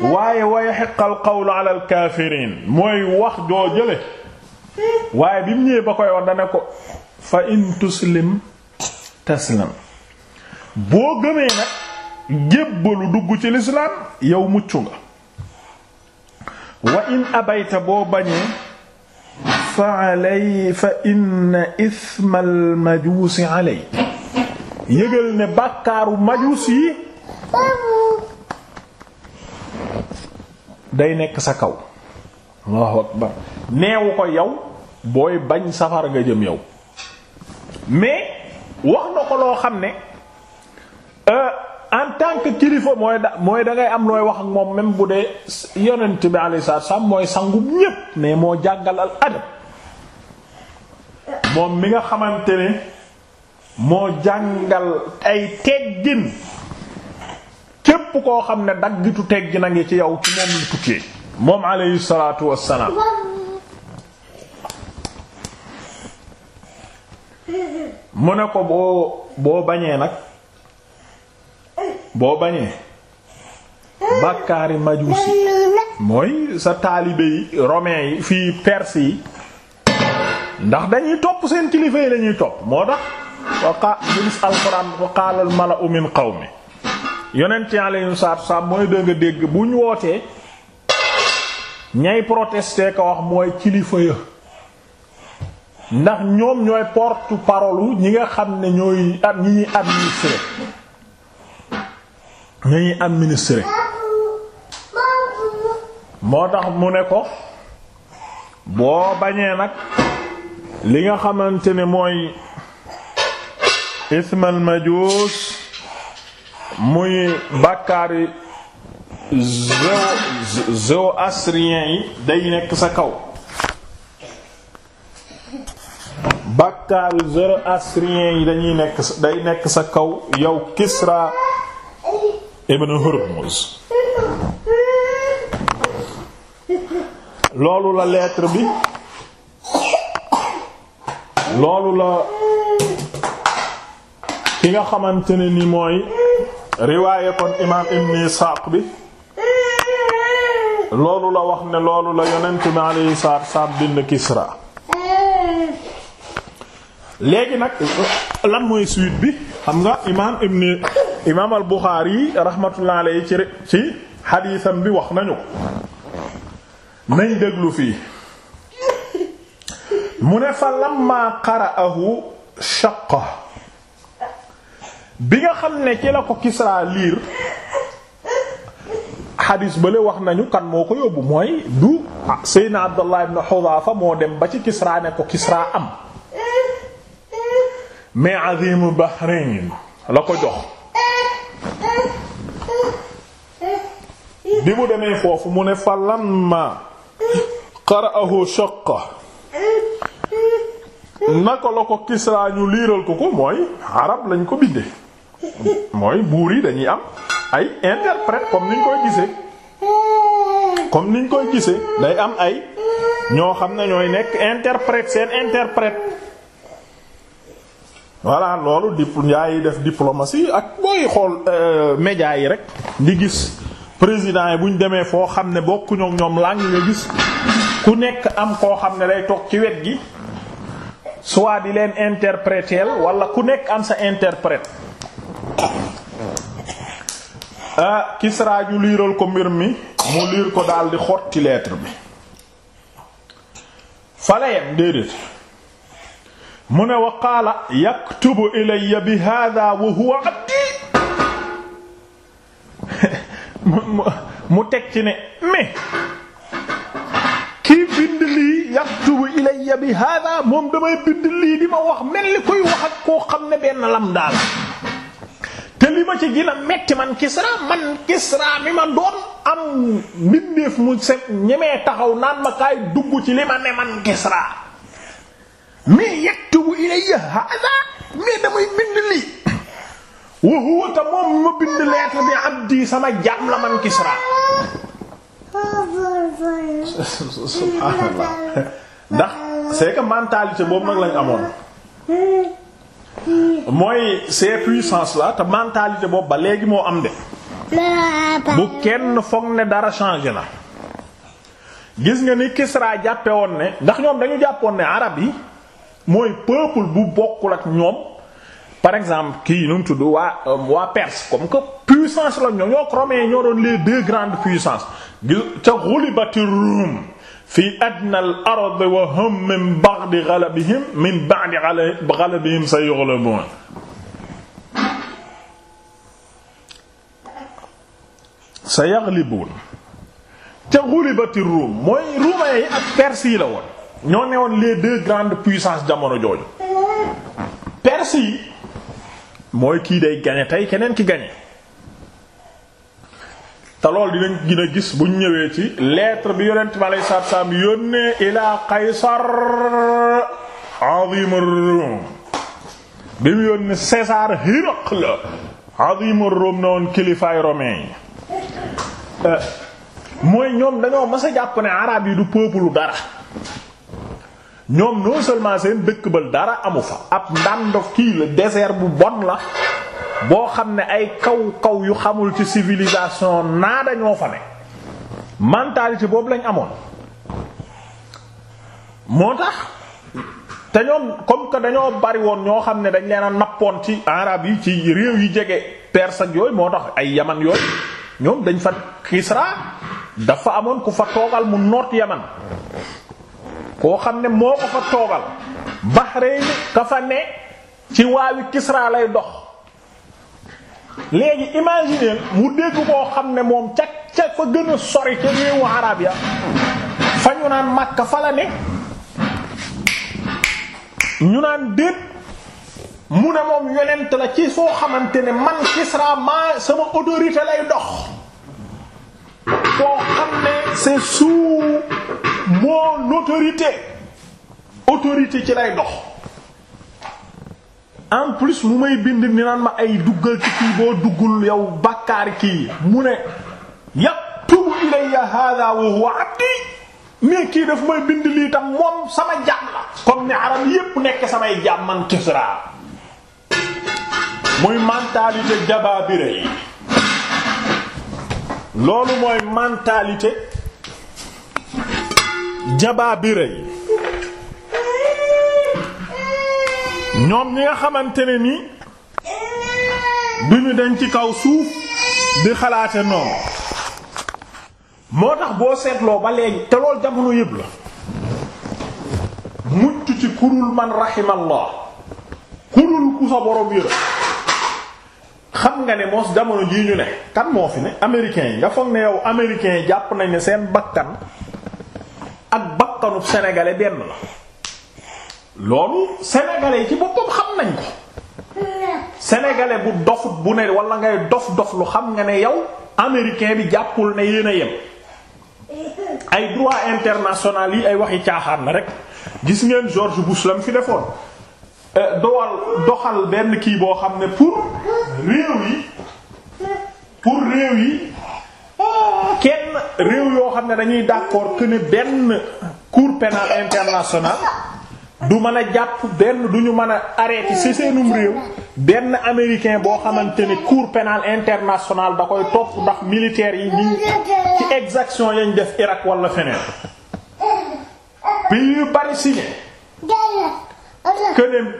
waaye wa yahiqqal qawlu ala al kaafiriin mooy wax joo jële waaye bi mu ba koy wax dana ko fa in tuslim taslam boo gëmee nag jébbalu dugg ci lislaam yow mucc nga wa in abayta boo bañee fa alay fa inna ismal yëgal ne bàkkaaru majuus yi day nekk sa kaw Allahu neewu ko yow booy bañ safara nga jëm yow mais wax na ko loo xam ne euh, en tant kilifa mooy da mooy dangay am looy wax ak moom même bu dee yonent bi alayhi salaam mooy sangub ñépp mais moo jàngal al adab moom mi nga xamante ne moo jàngal ay teggin képp koo xam ne daggitu teg na ngi ci yow ci moom lu tukkee moom aleyhi mu ne ko boo boo bañee nag boo bañee bàkkaari majuusi mooy sa taalibe yi yi fii perse yi ndax dañuy topp seen kilifa yi lañuy topp moo tax waqa gis alxuraan waqaalal mala u min qawmi yonent alayhi salaatu wassalaam mooy dégg dégg bu ñu wootee ñay protester ko wax mooy kilifa ya ndax ñoom ñooy porte parole ñi nga xam ne ñooy am ñi ñuy administrer moo tax mu ne ko boo bañee nag li nga xamante ne mooy ismal majuus muy bàkkaari zo zo asrien yi day nekk sa kaw bàkkaaru zo asrien yi dañuy nekk day nekk sa kaw yow Kisra ibn Hurmuz loolu la leetre bi loolu la ki nga xamante ne ni mooy riwaaye kon imaam ibn Isaaq bi loolu la wax ne loolu la yonent bi alayhi salaatu salaam Kisra léegi nag lan mooy suite bi xam nga imaam ibn imaam al Buxaari rahmatullahi alayhi ci ci xadiisam bi wax nañu ko nañ déglu fii mu ne fa lamma qara'ahu shaqqa bi nga xam ne ci la ko Kisra liir xadis bale wax nañu kan moo ko yóbbu mooy du ah, Seydina Abdallah ibn Hudhafa moo dem ba ci Kisra ne ko Kisra am mais Azim Bahrain la ko jox bi mu demee foofu mu ne fa lamma qara'ahu shaqqa naka la ko Kisra ñu liiral ko ko mooy arab lañ ko bindee mooy buur yi dañuy am ay interprète comme niñ koy gisee comme niñ koy gisee day am ay ñoo xam ne ñooy nekk interprète seen interprète voilà loolu dip yaay def diplomatie ak booy xool euh, médias yi rek di gis président yi bu demee foo xam ne bokkuñoo ñoom laa ngi nga gis ku nekk am koo xam ne lay toog ci wet gi soit di leen interpréter wala ku nekk am sa interprète ah Kisra liiral ko mbir mi mu liir ko daldi xotti lettre bi falayam déedéet mu ne wa qaala yaktubu ilayya bi hada wa huwa mu teg ci ne mais kii bind lii yaktubu ilayya bi hada moom damay bind lii di ma wax mel ni koy wax ak koo xam ne benn lam daal te li ma ci gën a metti man Kisra man Kisra mi ma doon am mbindeef mu set ñemee taxaw naan ma kaay dugg ci li ma ne man Kisra mais yaktubu ilayya hada mais damay bind lii wa moom ma bind lettre bi abdi sama jaam la man Kisra subhaanallah ndax c'est que boobu nag lañ amoon hmm. mooy ces puissances là te mentalité boobu ba léegi moo am de. bu kenn foog ne dara changé na. gis nga ni Kisra jàppe woon ne ndax ñoom dañu jàppoon ne arab yi mooy peuple bu bokkul ak ñoom par exemple kii nu mu tudd waa euh, waa Perse comme que puissance la ñoo ñoo Romains ñoo doon les deux grandes puissances gis ca xulibatir Rum fi adna al ard wa hum min ba'di ghalabihim min ba'di ghalabihim sayughlabun sayaghlibun ca ghulibati ruum mooy ruuma yi ak perse la woon ñoo ne woon deux grandes puissances jamono jooju perse mooy kii day gañe tey keneen ki gañe te lool dinañ gën a gis buñ ñëwee ci leetre bi yonent bi aleyhi salaatu salaam yónnee ilaa Qaysar azimur Rum bi mu yónnee César Hiraql azimur Rum na woon kilifaay romain eh, mooy ñoom dañoo mas a jàpp ne araab yi du peuple dara ñoom non seulement seen dëkk ba dara amu fa ab ndàndof kii la désert bu bon la boo xam ne ay kaw kaw yu xamul ci civilisation naa dañoo fa ne mentalité boobu lañ amoon moo tax te ñoom comme que dañoo bari woon ñoo xam ne dañ leen a nappoon ci arab yi ci réew yi jege perse ak yooyu moo tax ay yaman yooyu ñoom dañ fa Kisra dafa amoon ku fa toogal mu noot yaman koo xam ne moo ko fa toogal Bahrain ka fa ne ci waawi Kisra lay dox léegi imaginer mu dégg koo xam ne moom ca ca fa gën a sori ca réewu arab ya fa ñu naan makk fa la ne ñu naan déet mu ne moom yonent la ci soo xamante ne man Kisra maa sama autorité lay dox koo xam ne c'est sous mon autorité autorité ci lay dox en plus mu may bind ni naan ma ay duggal ci kii boo duggul yow bàkkaar kii mu ne yaktubu ilayya hada wa huwa abdi mais kii daf may bind lii tam moom sama jaam la comme ni yépp nekk samay jaam man Kisra muy mentalité jabaabire yi loolu mooy mentalité jabaabire yi ñoom ñi nga xamante ne ni duñu dañ ci kaw suuf di xalaate noonu moo tax boo seetloo ba léegi te lool jamono yëpp la mucc ci kurul man rahimallah kurul ku sa borom yëra xam nga ne moos jamono jii ñu ne kan moo fi ne americain yi nga foog ne yow américains yi jàpp nañ ne seen bakkan ak bakkanu sénégalais benn la loolu sénégalais ci boppam xam nañ ko sénégalais bu dofut bu ne wala ngay dof dof lu xam nga ne yow américain bi jàppul ne yéen a yem ay droit international yi ay waxi caaxaan na rek gis ngeen George Bush la mu fi defoon euh, doxal doxal benn kii boo xam ne pour réew yi pour réew yi kenn réew yoo xam ne dañuy d'accord que ne benn cour pénale internationale du mën a jàpp benn duñu mën a arrêté ci seenum réew benn américain boo xamante ne cour penal international da koy topp ndax militaires yi ñu ci exaction yañ def Irak walla feneen pays yu bari si ne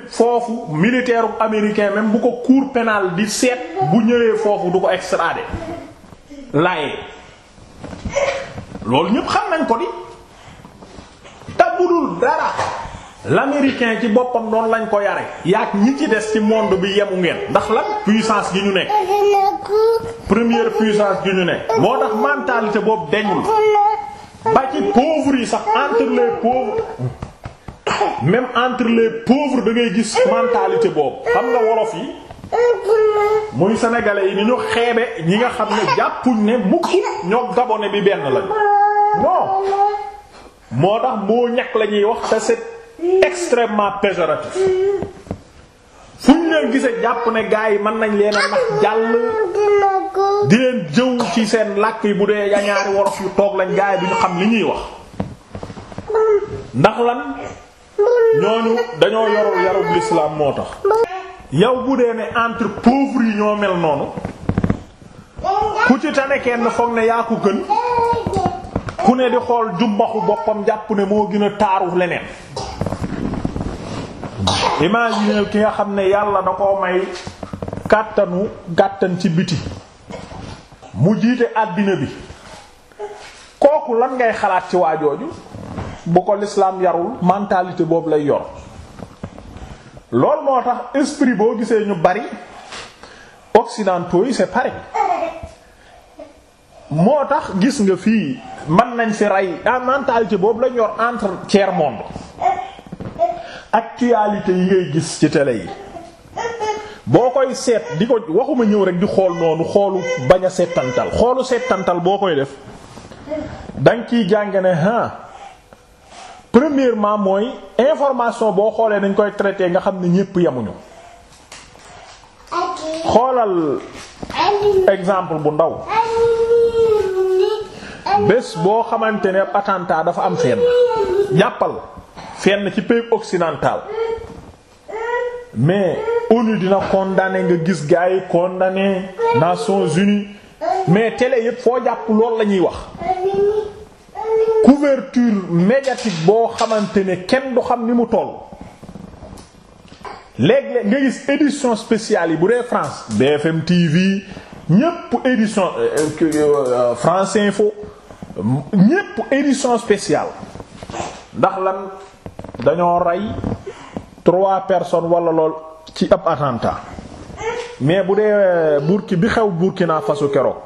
foofu militaire americain même bu ko cour pénale di seet bu ñëwee foofu du ko extradé laaye loolu ñépp xam nañ ko di te budul dara. l'américain ci boppam noonu lañ ko yare yaak ñi ci des ci monde bi yemu ngeen ndax lan puissance yi ñu nekk première puissance gi ñu nekk moo tax mentalité boobu deñul ba ci pauvres yi sax entre les pauvres même entre les pauvres da ngay gis mentalité boobu xam nga wolof yi muy sénégalais yi ni ñu xeebe ñi nga xam ne jàppuñ ne mukk ñoo gabone bi benn lañu moo tax moo ñàkk la ñuy wax te c'est extrêmement péjoratif fu ñu leen gisee jàpp ne gars yi mën nañ leen a jàll di leen jëw ci seen làkk yi bu dee ñaari worof yu toog lañ gars bi duñu xam li ñuy wax ndax lan ñooñu dañoo yorul yarub l'islam moo tax yow bu dee ne entre pauvres yi ñoo mel noonu ku ci tane kenn foog na yaa ko gën ku ne di xool jumbaxu boppam jàpp ne moo gën taaru leneen yi ki nga xam ne yàlla da ko may kàttanu gàttan ci biti mu jiite àddina bi kooku lan ngay xalaat ci waa jooju bu ko l'islam yarul mentalité boobu lay yor lool moo tax esprit boo gisee ñu bari occidentaux yi c'est moo tax gis nga fii mën nañ si rey ah, en boobu lañ yor entre tiers monde actualité yi ngay gis ci télé yi boo koy seet di ko waxuma ñëw rek di xool noonu xoolu bañ a seetantal xoolu seetantal boo koy def danga ciy jàng ne ah premièrement mooy information boo xoolee dañ koy traité nga xam ne ñépp yemuñu xoolal exemple bu ndaw bés boo xamante ne attentat dafa am fenn jàppal fenn ci pays occidental mais ONU dina condamné nga gis gars yi condamné Nations Unies mais télé yëpp foo jàpp loolu la ñuy wax couverture médiatique boo xamante ne kenn du xam ni mu toll léeg-léeg nga gis édition spéciale yi bu dee France BFM TV ñépp édition euh, euh, euh, France Info ñépp édition spéciale ndax lan dañoo rey trois personnes wala lool ci ab attentat mais bu dee euh, burki bi xew naa Faso keroog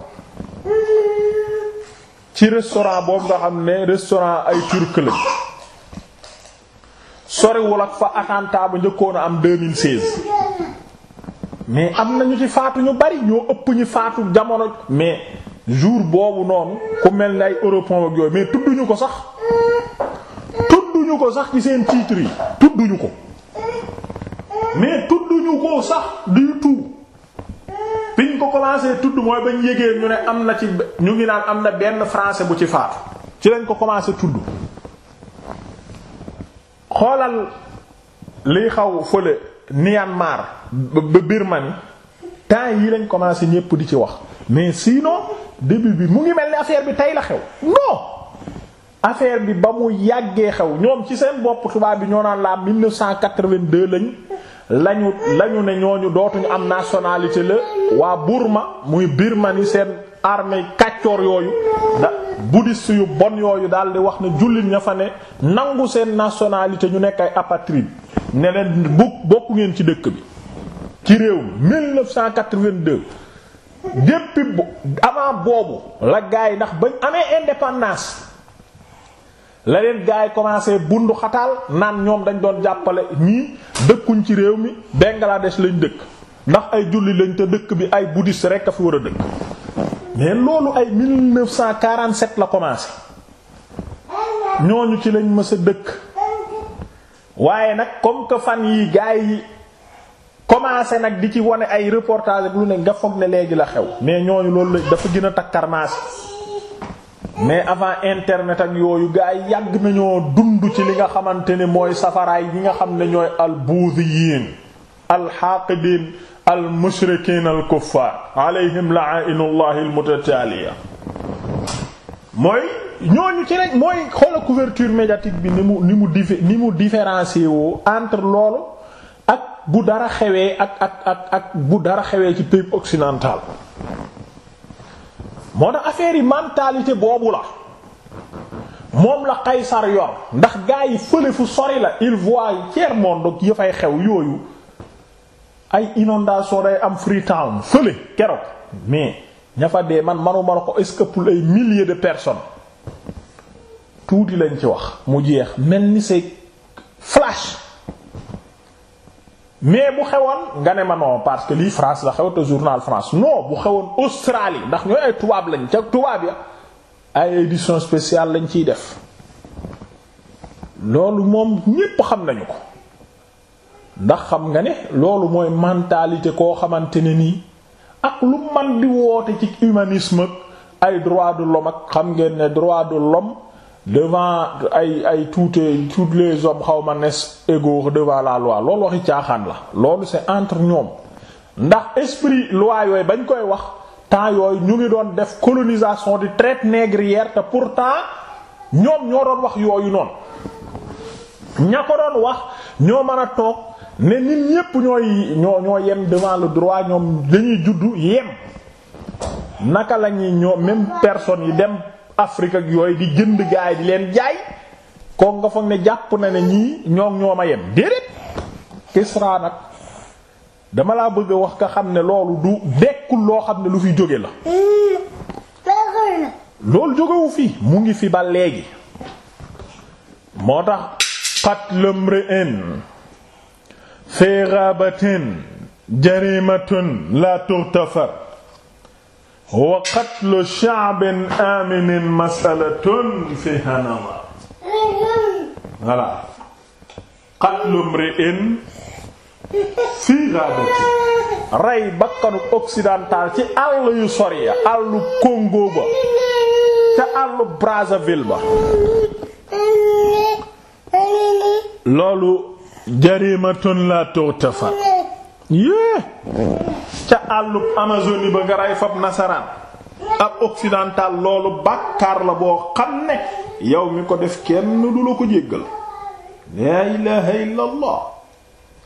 ci restaurant boobu nga xam ne restaurant ay turc la soriwul ak fa attentat bu njëkkoon a am mais am na ñu ci faatu ñu bari ñoo ëpp ñu faatu jamono mais jour boobu noonu ku mel ni ay européens ak yooyu mais tudduñu ko sax. tudduñu ko sax ci seen titre yi tudduñu ko mais tudduñu ko sax du tout biñ ko commencé tudd mooy bañ yégee ñu ne am na ci ñu ngi naan am na benn français bu ci faatu ci lañ ko commencé tudd xoolal liy xaw fële Myanmar ba Birmanie temps yi lañ commencé ñépp di ci wax mais sinon début bi mu ngi mel ni affaire bi tey la xew non affaire bi ba mu yàggee xew ñoom ci seen bopp tubaab bi ñoo naan la 1982 lañ lañu lañu ne ñooñu dootuñu am nationalité la waa buur ma muy Birmanie seen armée kàccoor yooyu da bouddhiste yu bon yooyu daal di wax ne jullit ña fa ne nangu seen nationalité ñu nekk ay apatride ne leen bu bokku ngeen ci dëkk bi ci réew mi 1982 depuis avant boobu la gars yi ndax bañ amee indépendance. la leen gars yi commencé bundu naan ñoom dañ doon jàppale ñii dëkkuñ ci réew mi Bangladesh lañ dëkk ndax ay julli lañ te dëkk bi ay bouddhiste rek a fi war a dëkk mais loolu ay 1947 la commencé ñooñu ci lañ mës dëkk waaye nag comme que fan yi gars yi commencé nag di ci wane ay reportage ak lu ne nga foog ne léegi la xew mais ñooñu loolu la dafa jën a takkarnaasi mais avant internet ak yooyu gaa yi yàgg nañoo dund ci li nga xamante ne mooy safaraay yi nga xam ne ñooy al albuudiyiin alxaaqidiin almushrikiin alkuffaar alayhim la'aa'inullahi almutataaliya mooy ñooñu ci rek mooy xoola couverture médiatique bi ni mu ni mu diffé ni mu différencier woo entre lool ak bu dara xewee ak ak ak bu dara xewee ci pays occidental moo tax affaire yi mentalité boobu la moom la Qaysar yor ndax gaa yi fële fu sori la il voit tiers monde ya fay xew yooyu ay inondation day am Freetown fële keroog mais ña fa dee man manu manu ko est-ce que pour ay milliers de personnes tuuti lañ ci wax mu jeex mel ni c'est flash mais bu xewoon nga ne ma non parce que lii France la xew te journal France non bu xewoon Australie ndax ñooy ay tubaab lañ ca tubaab ya ay édition spéciale lañ ciy def loolu moom ñépp xam nañu ko ndax xam nga ne loolu mooy mentalité koo xamante ne nii ak lu man di woote ci humanisme ay droits de l'homme ak xam ngeen ne droits de l'homme devant ay ay toutes tous les hommes xaw ma nes égaux devant la loi loolu waxi caaxaan la loolu c'est entre ñoom ndax esprit loi yooyu bañ koy wax temps yooyu ñu ngi doon def colonisation di traite négrière te temps ñoom ñoo doon wax yooyu noonu ña ko doon wax ñoo mën a toog ne nit ñépp ñooy ñoo ñoo yem devant ñoom dañuy juddu yem naka la ñuy ñoo même personne yi dem Afrique yooy di jënd gaay di leen jaay ko nga ne jàpp na ne ñii ñoo ñoo ma yem déedéet Kisra nag dama la bëgg a wax nga xam ne loolu du dekkul loo xam ne lu fi jóge la loolu jógewu fi mu ngi fi ba léegi moo tax qatlum ri'in fi ghabatin jarimatun la tughfar wa qatlu sha'bin aminin mas'alatun fi Hanama qatlu mri'in fi ghadati rey bakkanu occidental ci àll yu sori ya àllu Congo ba Brazzaville ba loolu jarimatun la tughtafa yée ca àllub Amazonie ba nga ray fab nasaraan ab occidental loolu bàkkaar la boo xam ne yow mi ko def kenn du la ko jéggal laa ilaha illa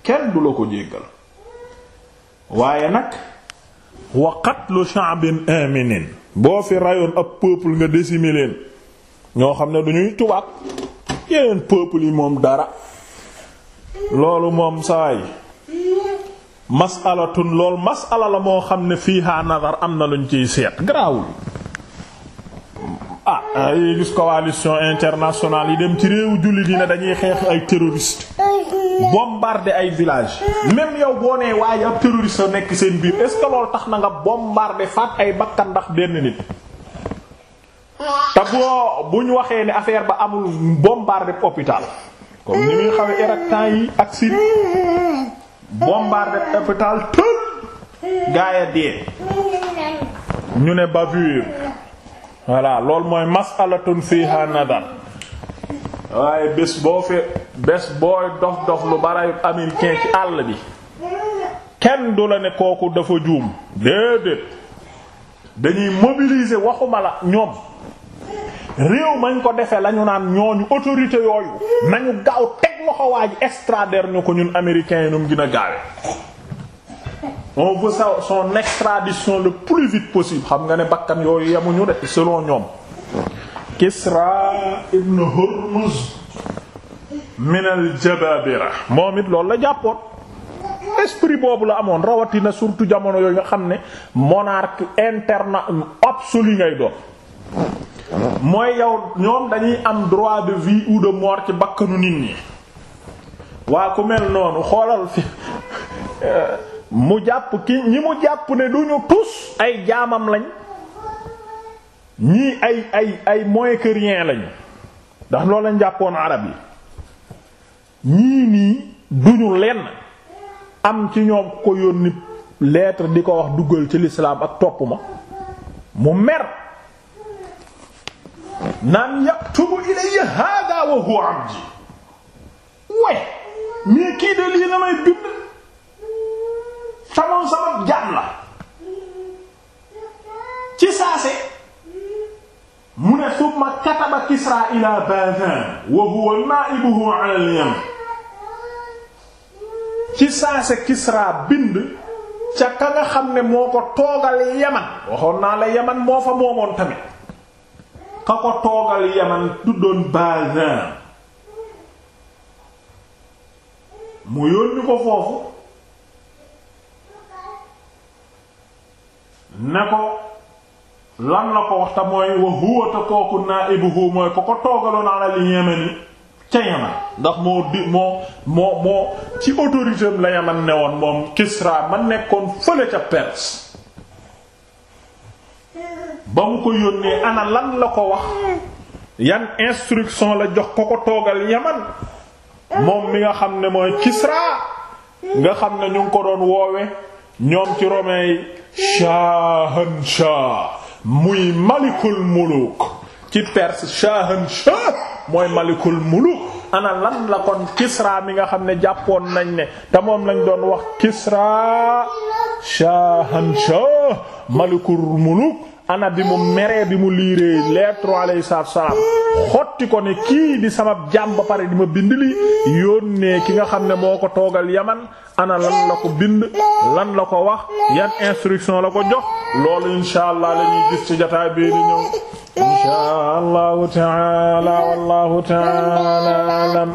kenn du la ko jéggal waaye nag wa qatlu sha'bin aminin boo fi rayoon ab peuple nga décimer leen ñoo xam ne du ñuy tubaab yeneen peuple yi moom dara loolu moom yi masalatun lool masala la moo xam ne fiiha nazar am na lañu ciy seet garaawul ah ay gis coalition internationale yi dem ci réewu jullit yi ne dañuy xeex ay terroriste bombarder ay village même yow boo nee waaye ab terroriste a nekk seen biir est-ce que tax na nga bombarder faat ay bakkan ndax benn nit te boo bu ñu waxee ne affaire ba amul bombarder hôpital comme ni muy xawee Irak temps yi ak Syrie bombardé hôpital tël gaaya dee ñu ne bavure voilà loolu mooy mas'alatun fiha waaye bés boo fi bés booy dof dof lu barayu américain ci àll bi kenn du la ne kooku dafa juum déedéet dañuy mobiliser waxuma la ñoom réew mañ ko defee lañu naan ñooñu autorité yooyu nañu gaaw teg loxo ji extrader ñu ko ñun américain yi nu mu gën a gaawe on veut sa son extradition le plus vite possible xam nga ne bakkan yooyu yemuñu de selon ñoom Kisra ibn Hurmuz min al jababira moom it loolu la jàppoon esprit boobu la amoon rawatina surtout jamono yooyu nga xam ne monarque interne absolu ngay doon mooy yow ñoom dañuy am droit de vie ou mort ci bakkanu nit ñi waa ku mel noonu xoolal fi euh, mu jàpp ki ñi mu jàpp ne du ñu ay jaamam lañ ñii ay ay ay moins que rien lañu ndax loolu lañ jàppoon arab yi ñii nii duñu lenn am ci ñoom ko yónni lettre di ko wax duggal ci l'islam ak topp ma mu mer naan yaktubu ilayya hada wa huwa abdi way mais kii de lii na may bind tamoon sama jaam la ci saase mu ne summa kataba kisra ila bazan wa huwa na'ibuhu ala al-yaman ci saase kisra bind ca ka nga xam ne moo ko toogal yaman waxoon naa la yaman moo fa moomoon tamit ka ko toogal yaman tuddoon Bazin mu yónni ko foofu ne ko lan la ko wax ta mooy wa huwa ta kooku naibuhu mooy ko ko toogaloon ala li ca yaman ndax moo di moo moo moo ci autorité la yaman ne woon moom Kisra ma nekkoon fële ca Perse ba mu ko yónnee ana lan la ko wax yan instruction la jox ko ko toogal yaman moom mi nga xam ne mooy Kisra nga xam ne ñu ngi ko doon woowe ñoom ci romain yi shahansha muy malikul muluk ci perse shahansha mooy malikul muluk ana la kon Kisra mi nga xam ne jàppoon nañ ne te moom lañ doon wax Kisra shahanshah malikul muluk ana bi mu meree bi mu liiree lettre alayhi salaam xotti ko ne kii di sama jaam ba pare di ma bind li yónnee ki nga xam ne moo ko toogal yaman ana lan la ko bind lan la ko wax yan instruction la ko jox loolu insha allah la ñuy gis ci jotaay bii di ñëw insha allahu taala wallahu taala alam